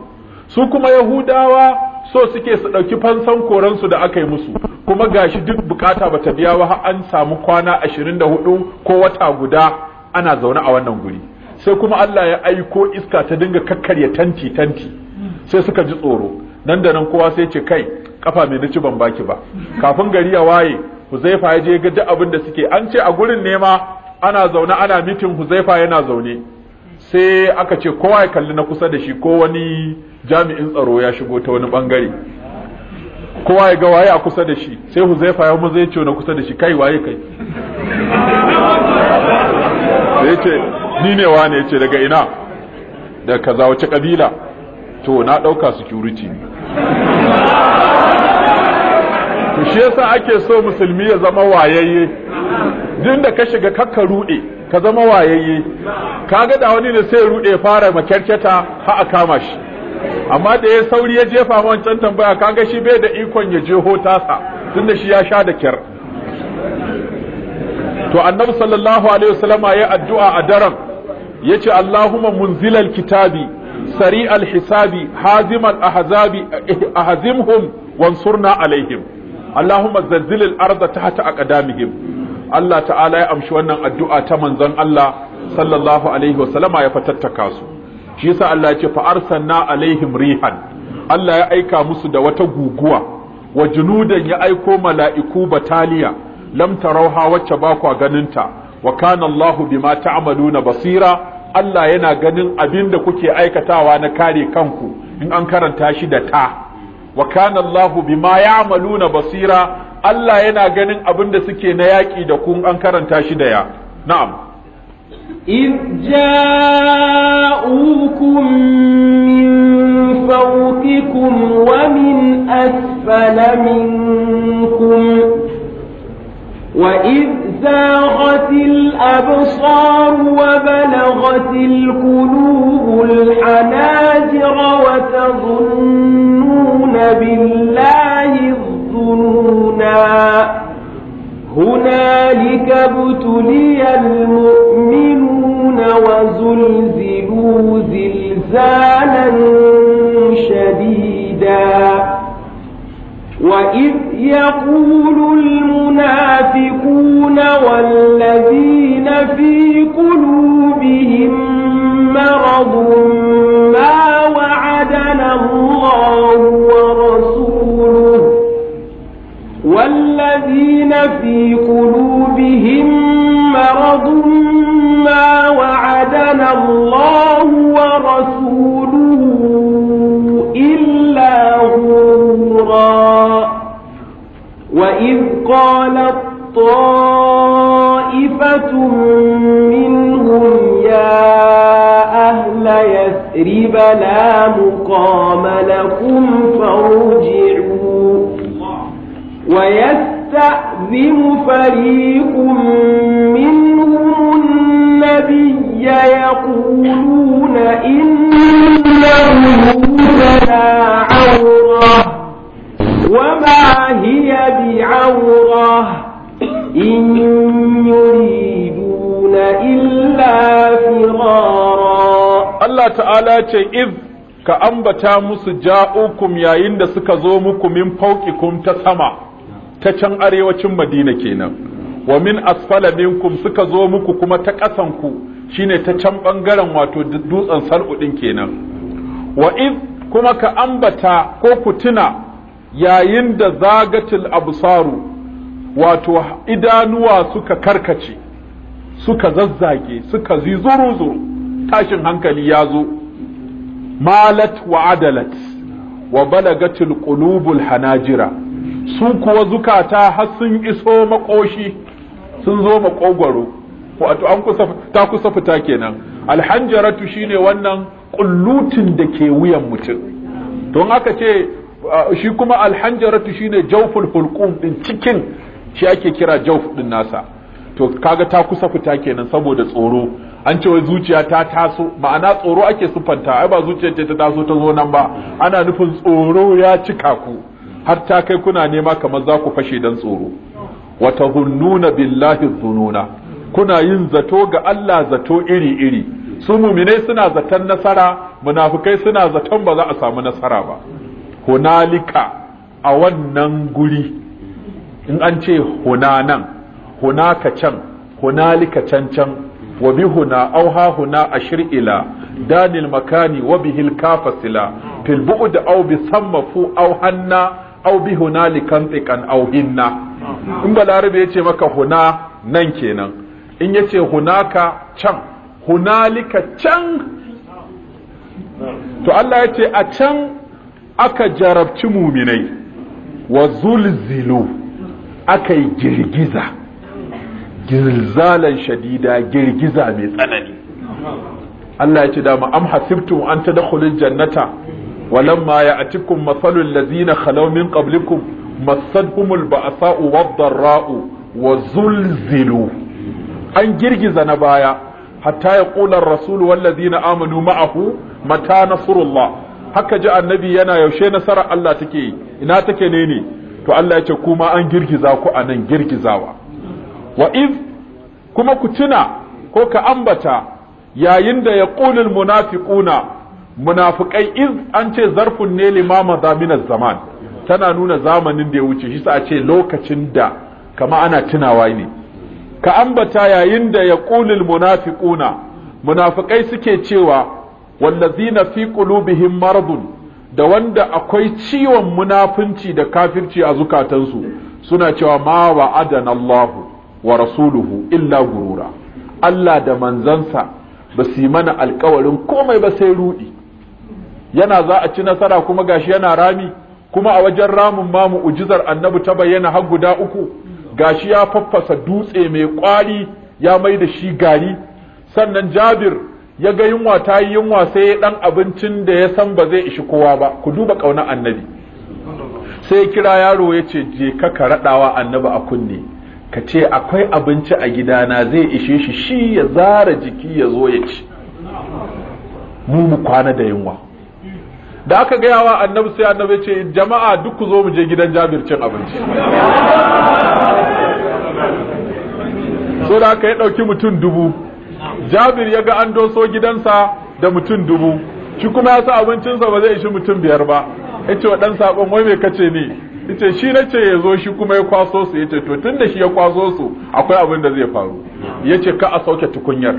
S1: su kuma yahudawa so suke su ɗauki fansan koransu da aka yi musu kuma gashi duk bukata bata biya ba har an samu kwana ashirin da hudu ko wata guda ana zaune a wannan guri sai kuma Allah ya aiko iska ta dinga kakkarya tanti tanti sai suka ji tsoro nan da nan kowa sai ce kai kafa mai naci ban baki ba kafin gari ya waye Huzaifa ya je ga duk abin da suke an ce a gurin nema ana zaune ana mitin Huzaifa yana zaune sai aka ce kowa ya kalli na kusa da shi ko wani jami'in tsaro ya shigo ta wani bangare kowa ya ga waye a kusa da shi sai Huzaifa ya mu zai ce na kusa da shi kai waye kai sai ni ne wane yace daga ina da kaza wace kabila to na dauka security ne to shi yasa ake so musulmi ya zama wayayye din da ka shiga kakka rude ka zama wayayye Ka ga da wani ne sai rude fara makyarkyata har a kama shi amma da ya sauri ya jefa wancan tambaya kaga shi bai da ikon ya jeho tasa tunda shi ya sha da kyar to annabi sallallahu alaihi wasallama ya addu'a a daren yace Allahumma munzilal kitabi sari'al hisabi haziman ahzabi ahzimhum wansurna alaihim Allahumma zalzilil arda tahta aqdamihim Allah ta'ala ya amshi wannan addu'a ta manzon Allah sallallahu alaihi wasallama ya fatattaka su shi yasa Allah ya ce fa arsalna alaihim rihan Allah ya aika musu da wata guguwa wa junudan ya aiko mala'iku bataliya lam tarauha wacce ba kwa ganinta wa kana Allahu bima ta'maluna basira Allah yana ganin abin da kuke aikatawa na kare kanku in an karanta shi da ta wa kana Allahu bima ya'maluna basira Allah yana ganin abin da suke na yaƙi da kun an karanta shi da ya na'am إذ جاءوكم من
S2: فوقكم ومن أسفل منكم وإذ زاغت الأبصار وبلغت القلوب الحناجر وتظنون بالله الظنونا هنالك ابتلي المؤمنون وزلزلوا زلزالا شديدا وإذ يقول المنافقون والذين في قلوبهم مرض ما وعدنا الله ورسوله والذين في قلوبهم قالت طائفة منهم يا أهل يثرب لا مقام لكم فارجعوا ويستأذن فريق
S3: منهم
S2: النبي يقولون إن بيوتنا عورة وما هي بعورة إن يريدون إلا
S1: فرارا الله تعالى إذ ka ambata musu ja'ukum yayin da suka zo muku min fauƙikum ta sama ta can arewacin Madina kenan wa min asfala minkum suka zo muku kuma ta ƙasan ku shine ta can ɓangaren wato dutsen sar'udin kenan wa iz kuma ka ambata ko ku tuna yayin da zagatul absaru wato idanuwa suka karkace suka zazzage suka zizuru zuru tashin hankali ya zo malat wa adalat wa balagatul qulubul hanajira su kuwa zukata har sun iso makoshi sun zo makogwaro wato an kusa ta kusa fita kenan alhanjaratu shine wannan kullutin da ke wuyan mutum don aka ce Ah, shi kuma alhanjaratu shine jawful hulqum din cikin shi ake kira jawf din nasa to kaga ta kusa fita kenan saboda tsoro an ce wai zuciya ta taso ma'ana tsoro ake sufanta. ai ba zuciya ta taso ta zo nan ba ana nufin tsoro ya cika ku har ta kai kuna nema kamar za ku fashe dan tsoro Wata hununa billahi dhununa kuna yin zato ga Allah zato iri iri su muminai suna zaton nasara munafukai suna zaton ba za a samu nasara ba hunalika a wannan guri in an ce hunanan hunaka can hunalika can can wa bi huna ha huna ashir ila danil makani wa bihil kafasila fil bu'd au bi sammafu au hanna au bi hunalikan tikan au hinna in balarabe yace maka huna nan kenan in yace hunaka can hunalika can to Allah yace a can aka jarabci muminai wa zulzilu aka yi girgiza girzalan shadida girgiza mai tsanani Allah ya ce da ma am an an tadkhulul jannata walamma ya'tikum masalul ladzina khalaw min qablikum masadhumul ba'sa'u wad-dharra'u wa zulzilu an girgiza na baya hatta ya qula ar-rasul wal ladzina amanu ma'ahu mata nasrullah haka ji annabi yana yaushe nasara Allah take yi ina take ne ne to Allah ya kuma an girgiza ku a nan girgizawa wa iz kuma ku tuna ko ka ambata yayin da yaqulul munafiquna munafiqai iz an ce zarfun ne limama zaminar zaman tana nuna zamanin da ya wuce shi sa a ce lokacin da kama ana tunawa ne ka ambata yayin da yaqulul munafiquna munafiqai suke cewa wallazina fi qulubihim maradun da wanda akwai ciwon munafunci da kafirci a zukatansu suna cewa ma adana Allah wa rasuluhu illa gurura Allah da manzansa ba su mana alkawarin komai ba sai rudi yana za a ci nasara kuma gashi yana rami kuma a wajen ramin ma ujizar annabi ta bayyana har guda uku gashi ya faffasa dutse mai kwari ya mai da shi gari sannan Jabir ya ga yunwa ta yi yunwa sai dan abincin da ya san ba zai ishi kowa ba ku duba kauna annabi sai kira yaro ya ce je ka ka raɗawa annabi a kunne ka ce akwai abinci a gidana zai ishe shi shi ya zara jiki ya zo ya ci mu mu kwana da yunwa da aka gaya wa annabi sai annabi ya ce jama'a duk ku zo mu je gidan jabir cin abinci so da aka yi ɗauki mutum dubu jabir ya ga an doso gidansa da mutum dubu shi kuma ya sa abincinsa ba zai ishi mutum biyar ba ya ce wa ɗan saƙon wai mai kace ne ce shi na ce ya zo shi kuma ya kwaso su ya ce to tun da shi ya kwaso su akwai abin da zai faru ya ce ka a sauke tukunyar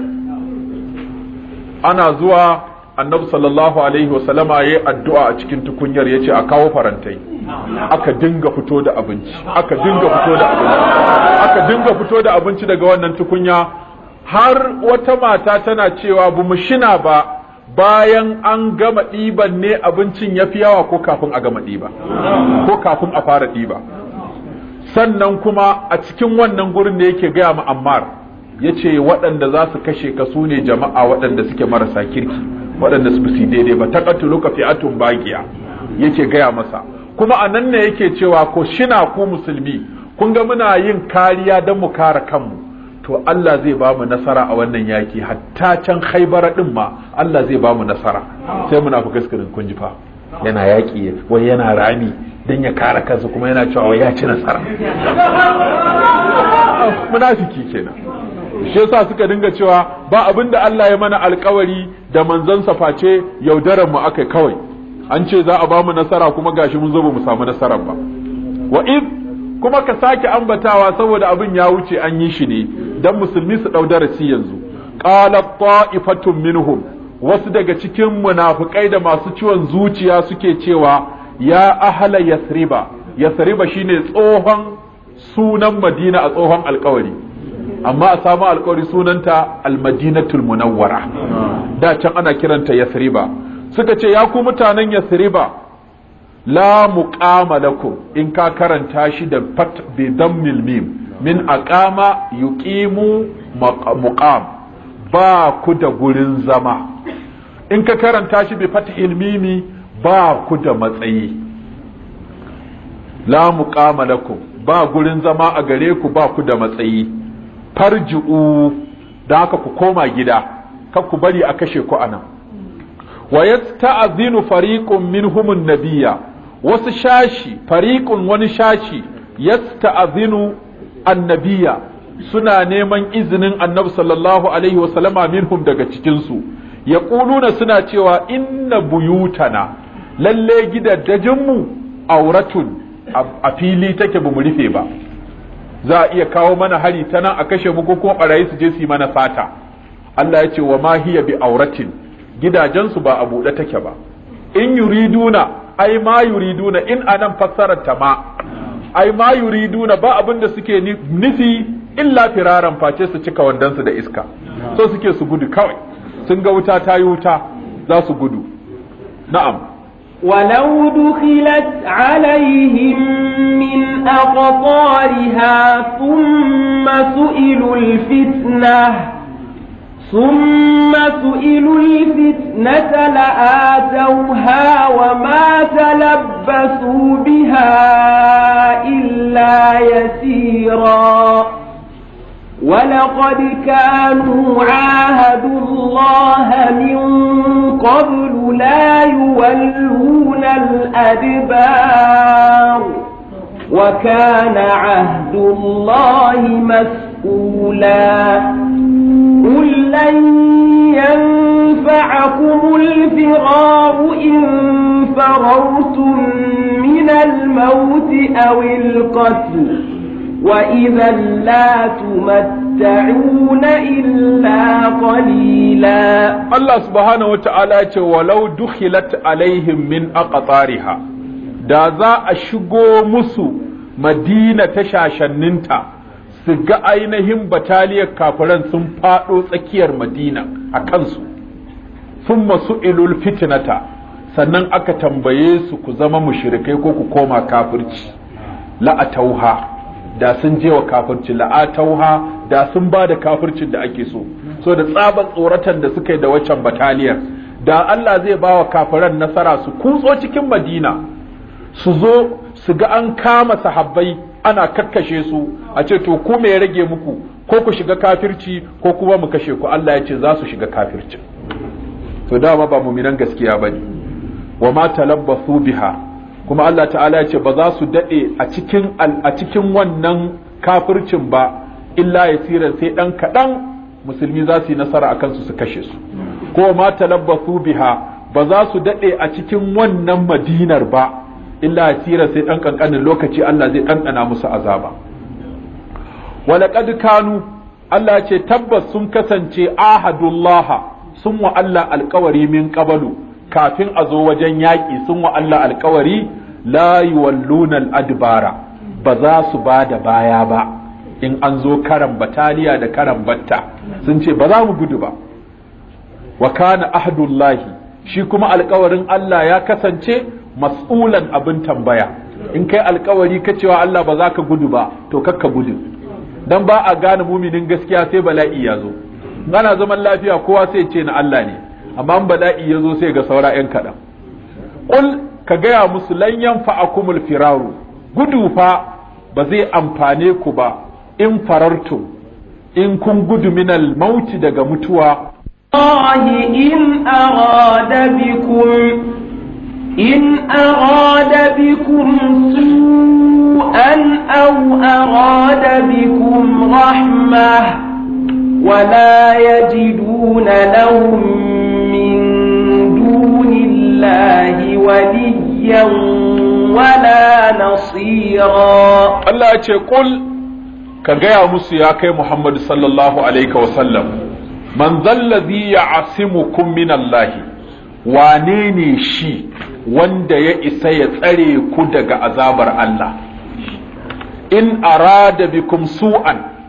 S1: ana zuwa annabi sallallahu alaihi wasallama ya yi addu'a a cikin tukunyar ya ce a kawo farantai aka dinga fito da abinci aka dinga fito da abinci daga wannan tukunya har wata mata tana cewa bu mu shina ba bayan an gama ɗiban ne abincin ya fi yawa ko kafin a gama ɗiba ko kafin a fara ɗiba sannan kuma a cikin wannan gurin da yake gaya mu ammar ya ce waɗanda za su kashe ka su ne jama'a waɗanda suke marasa kirki waɗanda su bisi daidai ba ta ƙatulu ka fi'atun bagiya yake gaya masa kuma a nan ne yake cewa ko shina ku musulmi kun ga muna yin kariya don mu kare kanmu to Allah zai ba mu nasara a wannan yaki hatta can khaibara din ma Allah zai ba mu nasara sai munafukai fi kun kunji fa yana yaki wai yana rami dan ya kara kansa kuma yana cewa wai ya ci nasara munafiki kenan shi yasa suka dinga cewa ba abin da Allah ya mana alkawari da sa face yaudaran mu akai kawai an ce za a ba mu nasara kuma gashi mun zo mu samu nasarar ba wa kuma ka sake ambatawa saboda abin ya wuce an yi shi ne dan musulmi su dau darasi yanzu qala ta'ifatun minhum wasu daga cikin munafikai da masu ciwon zuciya suke cewa ya ahla yasriba yasriba shine tsohon sunan madina a tsohon alkawari amma a samu alkawari sunanta almadinatul munawwara da can ana kiranta yasriba suka ce ya ku mutanen yasriba la muqama lakum in ka karanta shi da fat bi dammil mim min aqama yuqimu muqam ba ku da gurin zama in ka karanta shi bi fathil mimi ba ku da matsayi la muqama lakum ba gurin zama a gare ku ba ku da matsayi farji'u da haka ku koma gida kar ku bari a kashe ku anan wa yasta'zinu fariqun minhum an-nabiyya wasu shashi fariƙun wani shashi yasta'zinu annabiya suna neman izinin annabi sallallahu alaihi wasallama minhum daga cikin su yaquluna suna cewa inna buyutana lalle gidajen mu auratun a fili take bamu rufe ba za a iya kawo mana hari ta nan a kashe mu ko barayi su je su yi mana fata Allah ya ce wa ma hiya bi auratin gidajensu ba a buɗe take ba in yuriduna ai ma yuriduna in anan fassarar ta ma ai ma yuriduna ba abin da suke nufi illa firaran face su cika wandansu da iska so suke su gudu kawai sun ga wuta ta yi wuta za su gudu na'am
S2: ولو دخلت عليهم من أقطارها ثم سئلوا الفتنة ثم سئلوا الفتنة لآتوها وما تلبسوا بها إلا يسيرا ولقد كانوا عاهدوا الله من قبل لا يولون الأدبار وكان
S3: عهد
S2: الله مسؤولا قل لن ينفعكم الفرار إن فررتم من الموت أو القتل وإذا لا تمتعون إلا قليلا
S1: الله سبحانه وتعالى ولو دخلت عليهم من أقطارها da za a shigo musu madina ta shashanninta su ga ainihin bataliyar kafiran sun faɗo tsakiyar madina a kansu sun masu ilul fitinata sannan aka tambaye su ku zama mushrikai ko ku koma kafirci la'atauha da sun je wa kafirci la'atauha da sun ba da kafircin da ake so so da tsaban tsoratan da suka yi da waccan bataliyar da Allah zai ba wa kafiran nasara su kutso cikin madina su zo su ga an kama sahabbai ana kakkashe su a ce to ku me rage muku ko ku shiga kafirci ko kuma mu kashe ku Allah ya ce za su shiga kafirci to dama ba muminan gaskiya bane wa ma talabbathu biha kuma Allah ta'ala ya ce ba za su dade a cikin a cikin wannan kafircin ba illa yasiran sai dan kadan musulmi za su yi nasara akan su su kashe su ko ma talabbathu biha ba za su dade a cikin wannan madinar ba illa asira sai dan kankanin lokaci Allah zai ɗanɗana musu azaba walaqad kanu Allah ce tabbas sun kasance ahadullaha sun wa Allah alkawari min qabalu kafin a zo wajen yaƙi sun wa Allah alkawari la yuwalluna adbara ba za su ba baya ba in an zo karan bataliya da karan batta sun ce ba za mu gudu ba wa kana ahdullahi shi kuma alkawarin Allah ya kasance mas'ulan abin tambaya in kai alkawari ka cewa Allah ba za ka gudu ba to kakka gudu dan ba a gane muminin gaskiya sai bala'i ya zo ana zaman lafiya kowa sai ce na Allah ne amma in bala'i ya zo sai ga saura yan kaɗan ƙul ka gaya musu lan yanfa'akumul firaru gudu fa ba zai amfane ku ba in fararto in kun gudu minal mauti daga mutuwa
S2: Allah in arada bikum إن أراد بكم سوءا أو أراد بكم رحمة ولا يجدون لهم من دون الله وليا ولا نصيرا الله
S1: يقول كجاء مسياك محمد صلى الله عليه وسلم من ذا الذي يعصمكم من الله wane ne shi wanda ya isa ya tsare ku daga azabar Allah in arada bikum su'an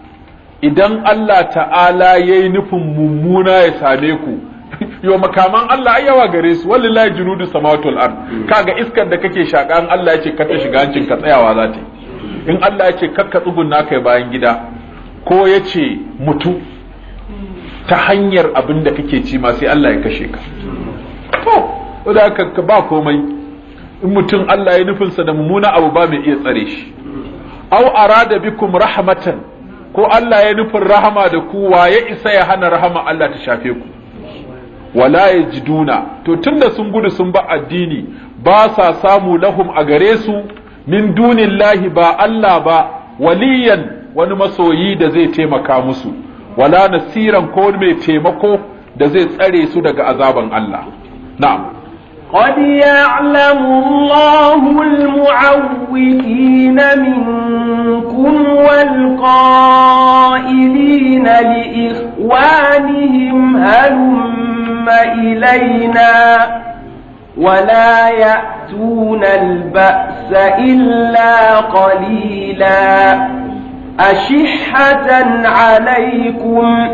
S1: idan Allah ta'ala yayi nufin mummuna ya same ku yo makaman Allah ayyawa yawa gare su wallahi junudu samatul ard kaga iskar da kake shaka an Allah ya ce ka ta shiga hancin ka tsayawa za ta in Allah ya ce kakka tsugunna kai bayan gida ko ya ce mutu ta hanyar abin da kake ci ma sai Allah ya kashe ka to saboda haka ba komai in mutum Allah ya nufin sa, da mummuna abu ba mai iya tsare shi aw arada bikum rahmatan ko Allah ya nufin rahama da ku waye isa ya hana rahama Allah ta shafe ku wala yajiduna to tunda sun gudu sun ba addini ba sa samu lahum a gare su min dunillahi ba Allah ba waliyan wani masoyi da zai taimaka musu wala nasiran ko mai taimako da zai tsare su daga azaban Allah na'am قد
S2: يعلم الله المعوقين منكم والقائلين لإخوانهم هلم إلينا ولا يأتون البأس إلا قليلا أشحة عليكم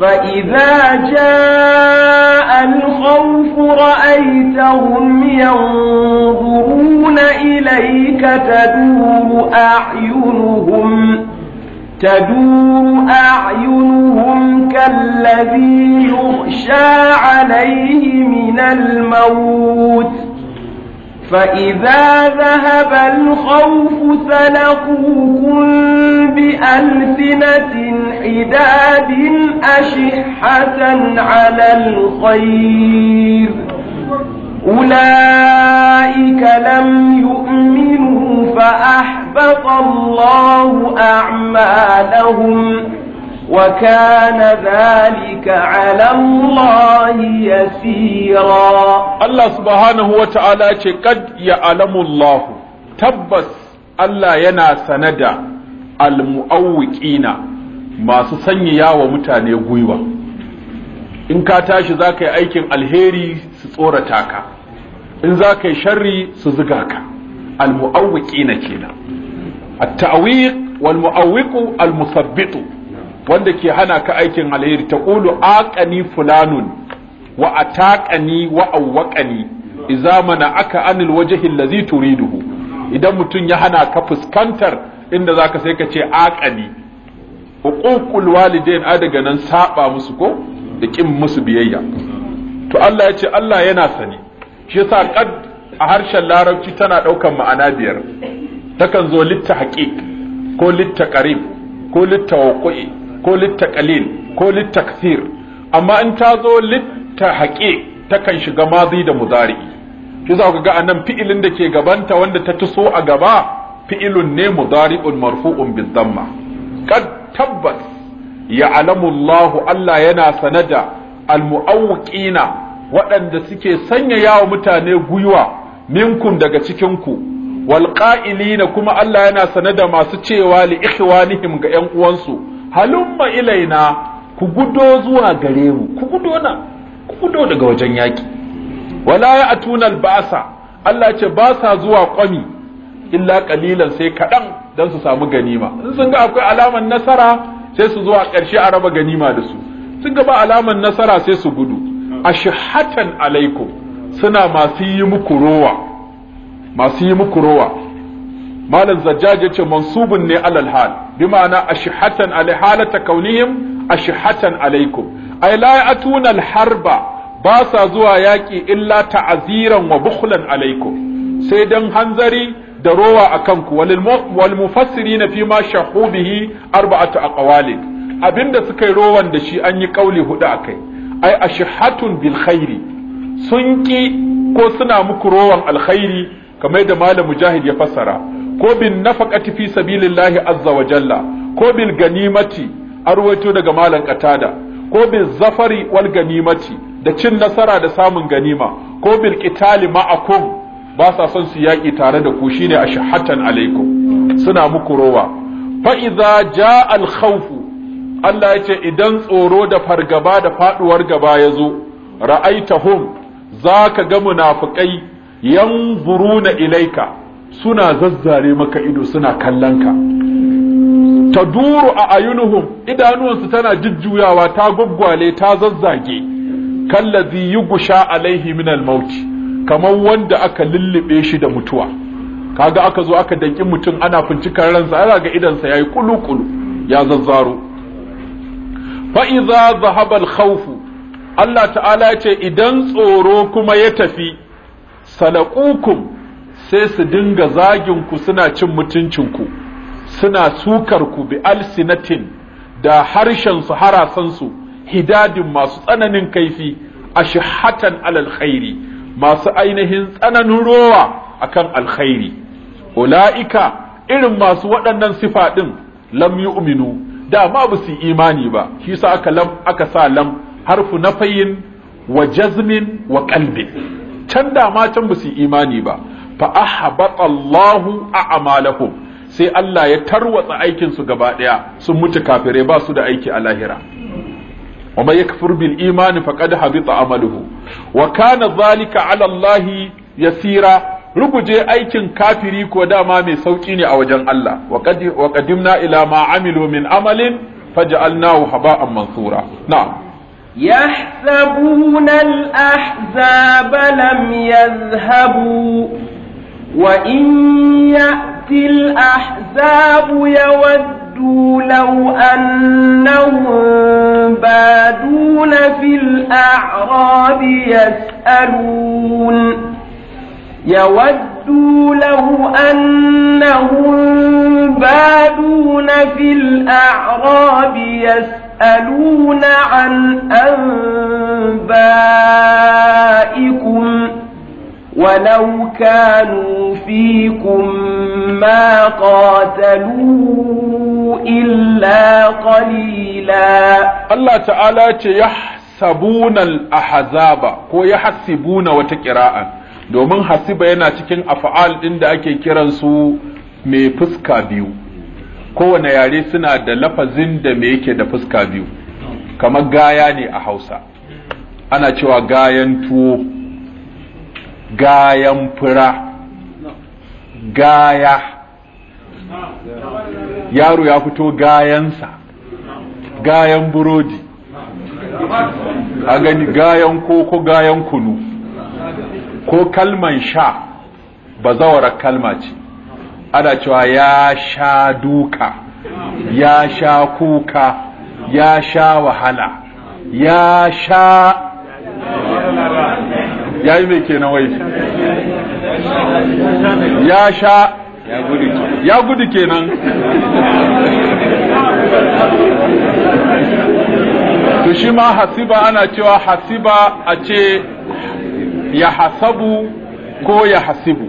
S2: فإذا جاء الخوف رأيتهم ينظرون إليك تدور أعينهم تدور أعينهم كالذي يخشى عليه من الموت فإذا ذهب الخوف سلقوكم بألسنة حداد أشحة على الخير أولئك لم يؤمنوا فأحبط الله أعمالهم وكان ذلك
S1: على الله يسيرا الله ta'ala وتعالى قد يعلم الله تبس Allah yana sanada almu'awwiqina masu sanyiya wa mutane gwiwa in ka tashi za ka yi aikin alheri su tsorata ka in za ka yi sharri su ziga ka almu'awwiqina kenan at-ta'wiq wal mu'awwiqu al musabbitu wanda ke hana ka aikin alheri ta ƙulu aƙani fulanun wa ataqani wa awqani idza mana aka anil wajhi allazi turiduhu idan mutum ya hana ka fuskantar inda zaka sai ka ce aqani uququl walidain a daga nan saɓa musu ko da kin musu biyayya to Allah ya ce Allah yana sani shi yasa kad a harshen larabci tana daukan ma'ana biyar takan zo litta haqiq ko litta qarib ko litta waqi'i ko littakalil ko littakthir amma in ta zo litta ta takan shiga mazi da mudari shi za ku ga anan fi'ilin da ke gabanta wanda ta tuso a gaba fi'ilun ne mudari'un marfu'un bizamma kad tabbas ya'lamu Allah Allah yana sanada al mu'awqina waɗanda suke sanya yawo mutane guyuwa minkum daga cikin ku wal qa'ilina kuma Allah yana sanada masu cewa li ikhwanihim ga 'yan uwansu halumma ilaina ku gudo zuwa gare mu ku gudo na ku gudo daga wajen yaki wala ya atunal ba'sa Allah ce ba sa zuwa kwami illa qalilan sai kadan dan su samu ganima in sun ga akwai alaman nasara sai su zuwa ƙarshe a raba ganima da su sun ga ba alaman nasara sai su gudu ashhatan alaikum suna masu yi muku rowa masu yi muku rowa malam zajjaj yace mansubun ne alal hal bi ma'ana ashhatan ala halata kaunihim ashhatan alaikum ay la ya'tuna al harba ba sa zuwa yaki illa ta'ziran wa bukhlan alaikum sai dan hanzari da rowa akan ku wal mufassirin fi ma shahu bihi arba'atu aqwali abinda suka yi rowan da shi an yi kauli hudu akai kai ashhatun bil khairi sun ki ko suna muku rowan alkhairi kamar da malam mujahid ya fassara ko bin nafaqati fi sabilillahi azza wa jalla ko bil ganimati arwaito daga malan qatada ko bil zafari wal ganimati da cin nasara da samun ganima ko bil qitali ma'akum ba sa son su yaki tare da ku shine ashhatan alaikum suna muku rowa fa idza jaa al khawf Allah yace idan tsoro da fargaba da faduwar gaba yazo zo ra'aitahum zaka ga munafiqai yanzuruna ilaika suna zazzare maka ido suna kallon ka ta duru a ayunuhum idanuwansu tana jujjuyawa ta gwaggwale ta zazzage kallazi yugusha alaihi min al-mauti. kamar wanda aka lullube shi da mutuwa kaga aka zo aka danki mutum ana fincikar ransa ana ga idansa yayi kulukulu ya zazzaro fa idza zahaba Allah ta'ala yace ce idan tsoro kuma ya tafi salaqukum sai su dinga zaginku suna cin mutuncinku suna sukar sukarku bi alsinatin da harshen harshensu harasansu hidadin masu tsananin kaifi a shahatan alal khairi masu ainihin tsananin rowa akan alkhairi ula'ika irin masu waɗannan sifa ɗin lam yu'minu da ma ba su imani ba shi sa aka lam aka sa lam harfu nafayin wa jazmin wa qalbin can da ma can ba su imani ba fa ahbata Allahu a'malahum sai Allah ya tarwatsa aikin su gaba daya sun mutu kafirai ba su da aiki a lahira wa may yakfur bil iman faqad habita amaluhu wa kana zalika ala Allah yasira ruguje aikin kafiri ko dama mai sauki ne a wajen Allah wa qadimna ila ma amilu min amalin faj'alnahu haba'an mansura na'am
S2: يحسبون الأحزاب لم يذهبوا وإن يأتي الأحزاب يودوا لو أنهم بادون في الأعراب يسألون يودوا لو أنهم بادون في الأعراب يسألون عن أنبائكم
S1: ولو كانوا
S2: Allah Ta'ala ce ya قليلا
S1: الله تعالى يحسبون الأحزاب كو wata ƙira'a, domin hasiba yana cikin af'al ɗin da ake kiransu mai fuska biyu kowane yare suna da lafazin da me da fuska biyu kamar gaya ne a hausa ana cewa gayan tuwo gayan fura gaya yaro ya fito gayansa gayan burodi a gani gayan koko gayan kunu ko kalman sha Ba zawarar kalma ce ana cewa ya sha duka ya sha kuka ya sha wahala ya sha ya yi mai kenan wai ya sha ya gudu kenan to shi ma hasiba ana cewa hasiba a ce ya hasabu ko ya hasibu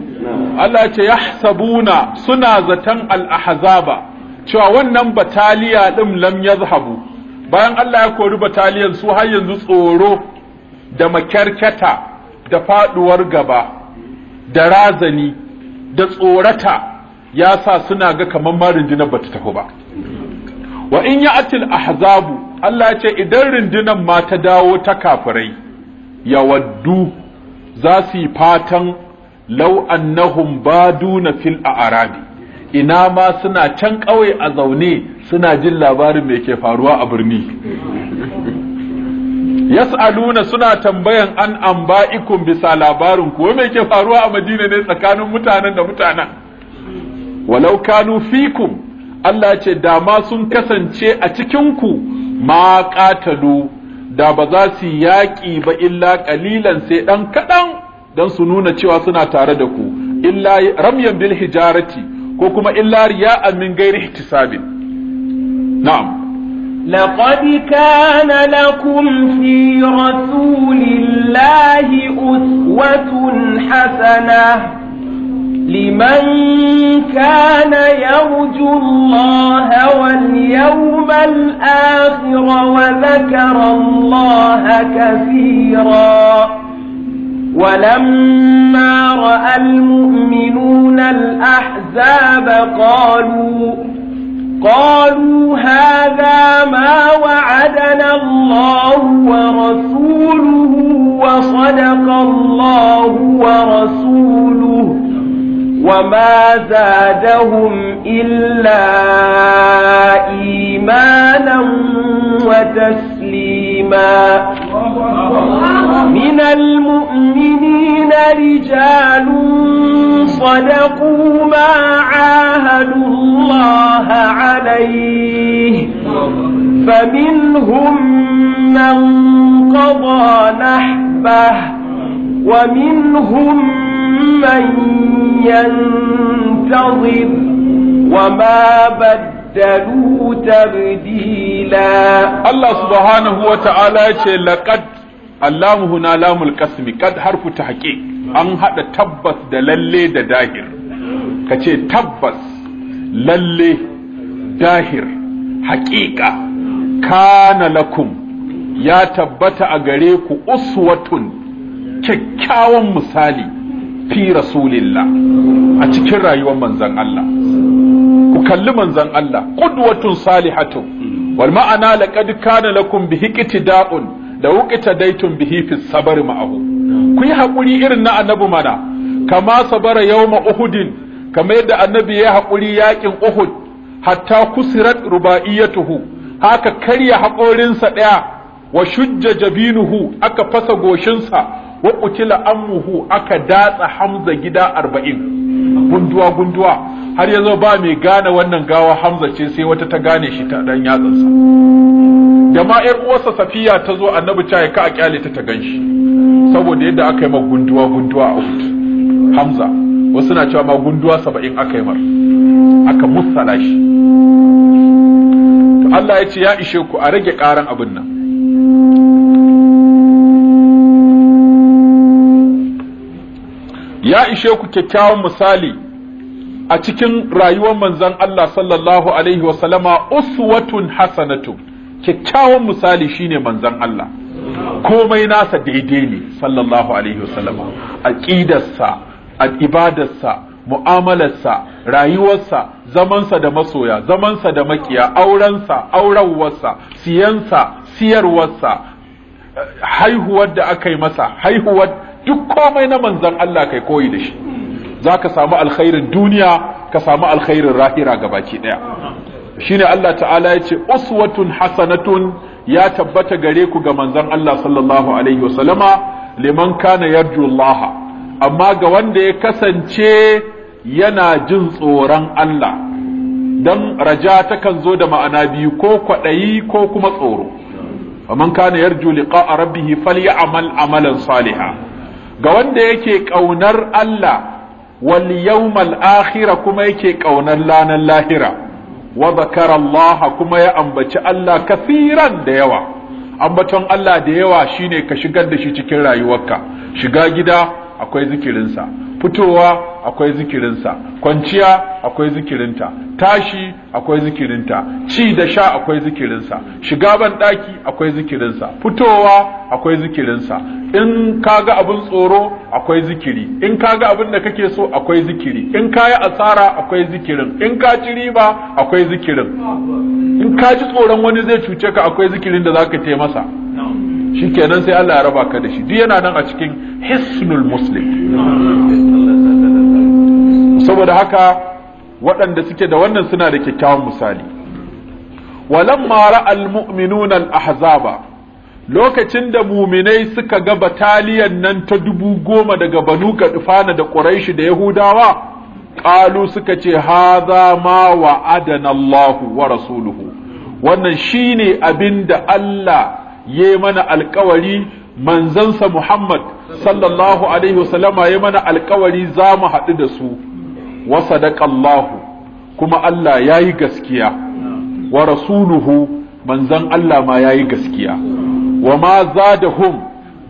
S1: Allah ce ya hasabuna suna zaton al'ahazaba cewa wannan bataliya ɗin lam ya bayan Allah ya kori bataliyan su har yanzu tsoro da makyarkyata da faɗuwar gaba da razani da tsorata ya sa suna ga kamar ma rundunar bata tafi ba wa in ya atil ahzabu Allah ce idan rundunar ma ta dawo ta kafirai ya waddu za su yi fatan lau annahum baduna fil a'rabi ina ma suna can ƙauye a zaune suna jin labarin me ke faruwa a birni yas'aluna suna tambayan an anba'ikum bisa labarin ku me ke faruwa a Madina ne tsakanin mutanen da mutanen walau kanu fikum Allah ce da ma sun kasance a cikin ku ma qatalu da ba za su yaƙi ba illa ƙalilan sai ɗan kaɗan don su nuna cewa suna tare da ku illa ramyan bil hijarati ko kuma illa riya'an min ghairi ihtisabin na'am لقد كان لكم
S2: في رسول الله أسوة حسنة لمن كان يرجو الله واليوم الآخر وذكر الله كثيرا ولما رأى المؤمنون الأحزاب قالوا قالوا هذا ما وعدنا الله ورسوله وصدق الله ورسوله وما زادهم إلا إيمانا وتسليما من المؤمنين رجال صدقوا ما عاهدوا الله عليه فمنهم من قضى نحبه ومنهم من ينتظر وما
S1: بدلوا
S2: تبديلا
S1: الله سبحانه وتعالى لقد اللام هنا لام القسم قد حرف تحقيق an haɗa tabbas da lalle da dahir ka ce tabbas lalle dahir haƙiƙa kana lakum ya tabbata a gare ku uswatun kyakkyawan misali fi rasulillah a cikin rayuwar manzan Allah ku kalli manzan Allah qudwatun salihatu wal ma'ana laqad kana lakum bihi da wuƙita daitun bihi fi sabr ma'ahu ku yi haƙuri irin na annabi mana kama sabara yawma uhudin kama yadda annabi ya haƙuri yaƙin uhud hatta kusirat ruba'iyatuhu haka karya haƙorinsa ɗaya wa shujja jabinuhu aka fasa goshinsa wa ƙutila ammuhu aka datsa hamza gida arba'in gunduwa gunduwa har yazo ba mai gane wannan gawa Hamza ce sai wata ta gane shi ta dan sa da ma ƴar uwarsa Safiya ta zo annabi ta ka a kyale ta ta ganshi saboda yadda aka yi ma gunduwa gunduwa a Uhud Hamza wasu na cewa ma gunduwa saba'in aka yi mar aka musala shi to Allah ya ce ya ishe ku a rage karan abin nan ya ishe ku kyakkyawan misali a cikin rayuwar manzon Allah sallallahu alaihi wa sallama uswatun hasanatu kyakkyawan misali shine manzon Allah komai nasa daidai ne sallallahu alaihi wa sallama aqidarsa ibadarsa mu'amalarsa rayuwarsa zamansa da masoya zamansa da makiya aurensa aurenwarsa siyansa siyarwarsa haihuwar da aka yi masa haihuwar duk komai na manzan Allah kai koyi da shi za ka samu alkhairin duniya ka samu alkhairin rahira ga baki daya shine Allah ta'ala ya ce uswatun hasanatun ya tabbata gare ku ga manzan Allah sallallahu alaihi wasallama liman kana yarju Allah amma ga wanda ya kasance yana jin tsoron Allah dan raja takan zo da ma'ana biyu ko kwaɗayi ko kuma tsoro man kana yarju liqa rabbih falyamal amalan salihah ga wanda yake ƙaunar Allah wal yawmal akhira kuma yake ƙaunar lanan lahira wa zakara Allah kuma ya ambaci Allah kafiran da yawa ambaton Allah da yawa shine ka shigar da shi cikin rayuwarka shiga gida akwai zikirinsa fitowa akwai zikirinsa kwanciya akwai zikirinta tashi akwai zikirinta ci da sha akwai zikirinsa shiga ban daki akwai zikirinsa fitowa akwai zikirinsa in kaga abin tsoro akwai zikiri in kaga abin da kake so akwai zikiri in kayi asara akwai zikirin in ka ci riba akwai zikirin in ka ji tsoron wani zai cuce ka akwai zikirin da zaka taimasa masa shi kenan sai Allah ya raba ka da shi duk yana nan a cikin hisnul muslim saboda haka waɗanda suke da wannan suna da kyakkyawan misali walamma ra'al mu'minuna al-ahzaba lokacin da muminai suka ga bataliyan nan ta dubu goma daga banu kadufana da quraishi da yahudawa qalu suka ce hadha ma wa'adana Allahu wa rasuluhu wannan shine abinda Allah ya mana alkawari manzansa Muhammad sallallahu alaihi wasallama ya mana alkawari za mu haɗu da su wa sadaqallahu kuma Allah yayi gaskiya wa rasuluhu manzon Allah ma yayi gaskiya wa ma zadahum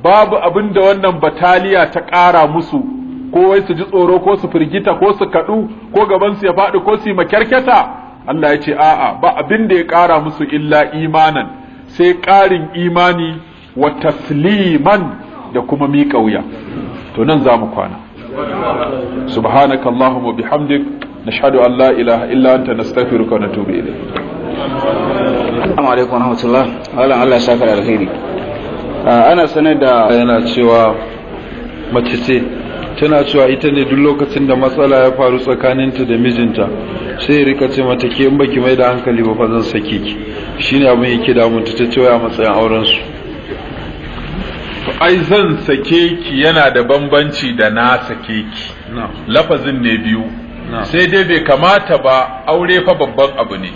S1: babu abinda wannan bataliya ta ƙara musu ko wai su ji tsoro ko su firgita ko su kadu ko gaban su ya faɗi ko su yi makyarkyata Allah ya ce a'a ba abinda ya ƙara musu illa imanan sai ƙarin imani wa tasliman da kuma miƙa wuya to nan za mu kwana سبحانك اللهم وبحمدك نشهد ان لا اله الا انت نستغفرك ونتوب
S4: اليك السلام عليكم alaikum wa rahmatullah Allah Allah saka da alheri ah, ana sanar da yana cewa mace ce tana cewa ita ne duk lokacin da matsala ya faru tsakaninta da mijinta sai ya rika ce mata ke in baki mai da hankali ba fa zan sake ki shine abin yake damunta ta ce a matsayin auren su
S1: to ai zan sake ki yana da bambanci da na sake ki lafazin ne biyu sai dai bai kamata ba aure fa babban abu ne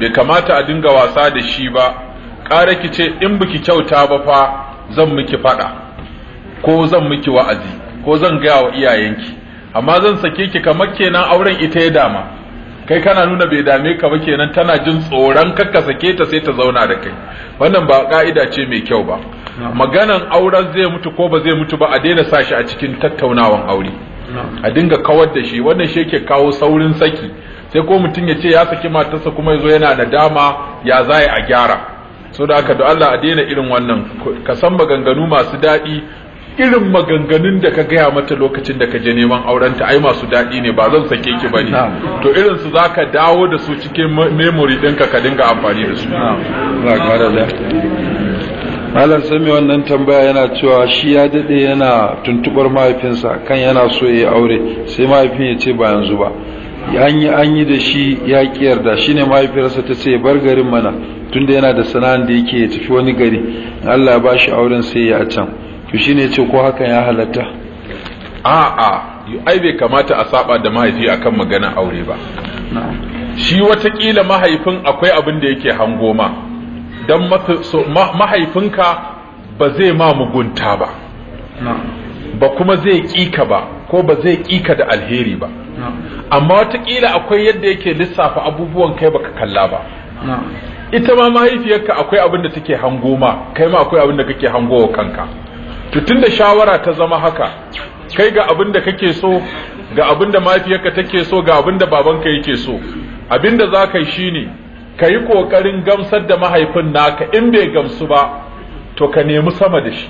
S1: bai kamata a dinga wasa da shi ba ƙara ki ce in biki kyauta ba fa zan miki faɗa ko zan miki wa'azi ko zan gaya wa iyayenki amma zan sake ki kamar kenan auren ita ya dama kai kana nuna bai dame ka ba kenan tana jin tsoron kakka sake ta sai ta zauna da kai wannan ba ka'ida ce mai kyau ba maganan auren zai mutu ko ba zai mutu ba a daina sa shi a cikin tattaunawan aure a dinga kawar da shi wannan shi yake kawo saurin saki sai ko mutum ya ce ya saki matarsa kuma yazo yana da dama ya zai a gyara so da haka da Allah a daina irin wannan ka san maganganu masu daɗi irin maganganun da ka gaya mata lokacin da ka je neman aurenta ai masu daɗi ne ba zan sake ki bane to irin su zaka dawo da su cikin memory ɗinka ka dinga amfani da su
S4: malam sami wannan tambaya yana cewa shi ya daɗe yana tuntubar mahaifinsa kan yana so ya aure sai mahaifin ya ce ba yanzu ba an anyi da shi ya ƙi yarda shine mahaifiyarsa ta ce bar garin mana tunda yana da sana'an da yake ya tafi wani gari Allah ya ba shi auren sai ya can to shine yace ko haka ya halatta
S1: a'a ai bai kamata a saba da mahaifi akan magana aure ba shi watakila mahaifin akwai abin da yake hango ma dan mahaifinka ba zai ma mugunta ba ba kuma zai kika ba ko ba zai kika da alheri ba amma watakila akwai yadda yake lissafa abubuwan kai baka kalla ba ita ma mahaifiyarka akwai abin da take hango ma kai ma akwai abin da kake hango wa kanka tutun da shawara ta zama haka kai ga abin da kake so ga abin da mafiyarka take so ga abin da babanka yake so abin da za ka yi ne, ka yi ƙoƙarin gamsar da mahaifin naka in bai gamsu ba to ka nemi sama da shi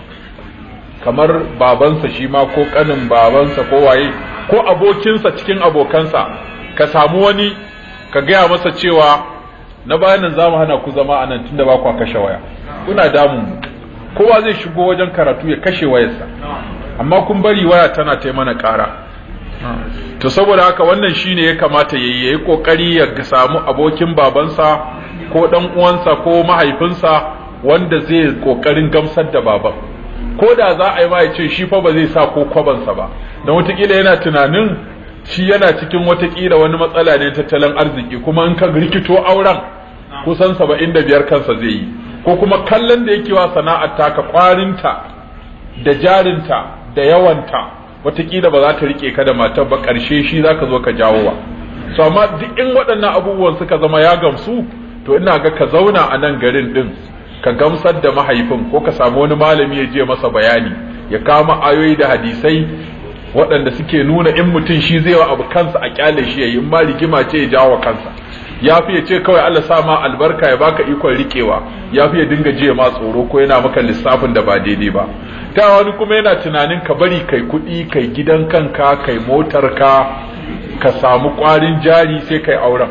S1: kamar babansa shi ma ko ƙanin babansa ko waye ko abokinsa cikin abokansa ka samu wani ka gaya masa cewa na bayanin za mu hana ku zama a nan tun da ba kwa kashe waya kuna damun mu kowa zai shigo wajen karatu ya kashe wayarsa amma kun bari waya tana ta mana ƙara to saboda haka wannan shine ya kamata yayi yi kokari ya samu abokin babansa ko dan uwansa ko mahaifinsa wanda zai kokarin gamsar da baban ko da za a yi ma ce shi fa ba zai sa ko kwabansa ba don watakila yana tunanin shi yana cikin watakila wani matsala ne tattalin arziki kuma in ka rikito auren kusan saba'in da biyar kansa zai yi ko kuma kallon da yake wa sana'ar ta ka kwarinta da jarinta da yawanta watakila ba za ta rike ka da matar ba karshe shi zaka zo ka jawo ba. so amma duk in waɗannan abubuwan suka zama ya gamsu to ina ga ka zauna a nan garin din ka gamsar da mahaifin ko ka samu wani malami ya je masa bayani ya kama ayoyi da hadisai waɗanda suke nuna in mutum shi zai wa abu kansa a kyale shi yi. in ma rigima ce ya jawo kansa ya fi ce kawai Allah sama albarka ya baka ikon rikewa ya fi ya dinga jiya ma tsoro ko yana maka lissafin da ba daidai ba ta wani kuma yana tunanin ka bari kai kuɗi kai gidan kanka kai motar ka ka samu ƙwarin jari sai kai auren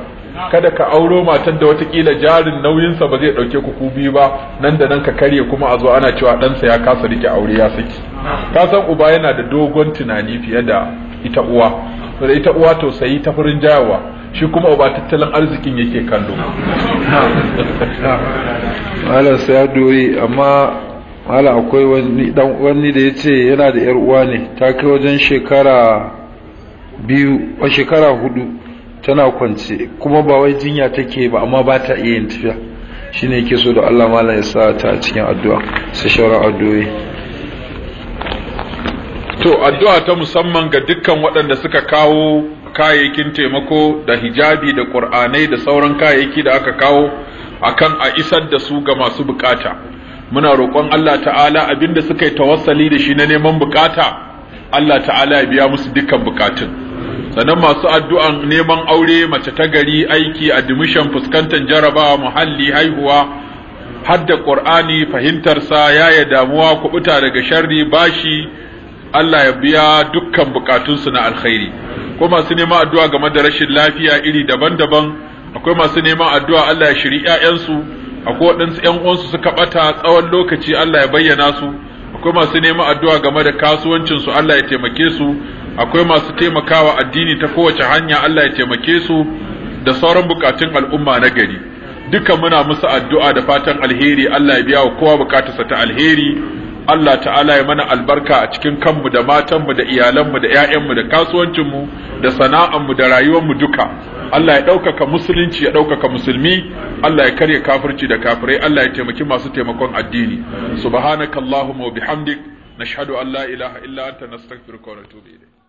S1: kada ka auro matar da watakila jarin nauyinsa ba zai ɗauke ku ku biyu ba nan da nan ka karye kuma a zo ana cewa ɗansa ya kasa rike aure ya saki ka san uba yana da dogon tunani fiye da ita uwa da ita uwa tausayi ta furin jayawa shi kuma uba tattalin arzikin yake kallo
S4: malam sai doyi amma malam akwai wani dan wani da yace yana da yar uwa ne ta kai wajen shekara biyu a shekara hudu tana kwance kuma ba wai jinya take ba amma ba ta iya yin tafiya shine yake so da Allah malam ya sa ta a cikin addu'a sai shawara addu'o'i
S1: to addu'a ta musamman ga dukkan waɗanda suka kawo kayayyakin taimako da hijabi da qur'anai da sauran kayayyaki da aka kawo akan a isar da su ga masu bukata muna roƙon Allah ta'ala abinda suka yi tawassali da shi na neman bukata Allah ta'ala ya biya musu dukkan bukatun sannan masu addu'an neman aure mace ta gari aiki admission fuskantar jarabawa muhalli haihuwa hadda qur'ani fahimtar sa yaya damuwa kuɓuta daga sharri bashi Allah ya biya dukkan bukatunsu na alkhairi akwai masu neman addu'a game da rashin lafiya iri daban-daban akwai masu neman addu'a Allah ya shiri ƴaƴansu akwai waɗansu ƴan uwansu suka ɓata tsawon lokaci Allah ya bayyana su akwai masu neman addu'a game da kasuwancin su Allah ya taimake su akwai masu taimakawa addini ta kowace hanya Allah ya taimake su da sauran bukatun al'umma na gari duka muna musu addu'a da fatan alheri Allah ya biya wa kowa bukatarsa ta alheri Allah ta'ala ya mana albarka a cikin kanmu da matanmu da iyalanmu da 'ya'yanmu da kasuwancinmu da sana'anmu da rayuwarmu duka Allah ya ɗaukaka musulunci ya ɗaukaka musulmi Allah ya karya kafirci da kafirai Allah ya taimaki masu taimakon addini subhanakallahumma wa bihamdik nashhadu an la ilaha illa anta nastaghfiruka wa natubu ilayk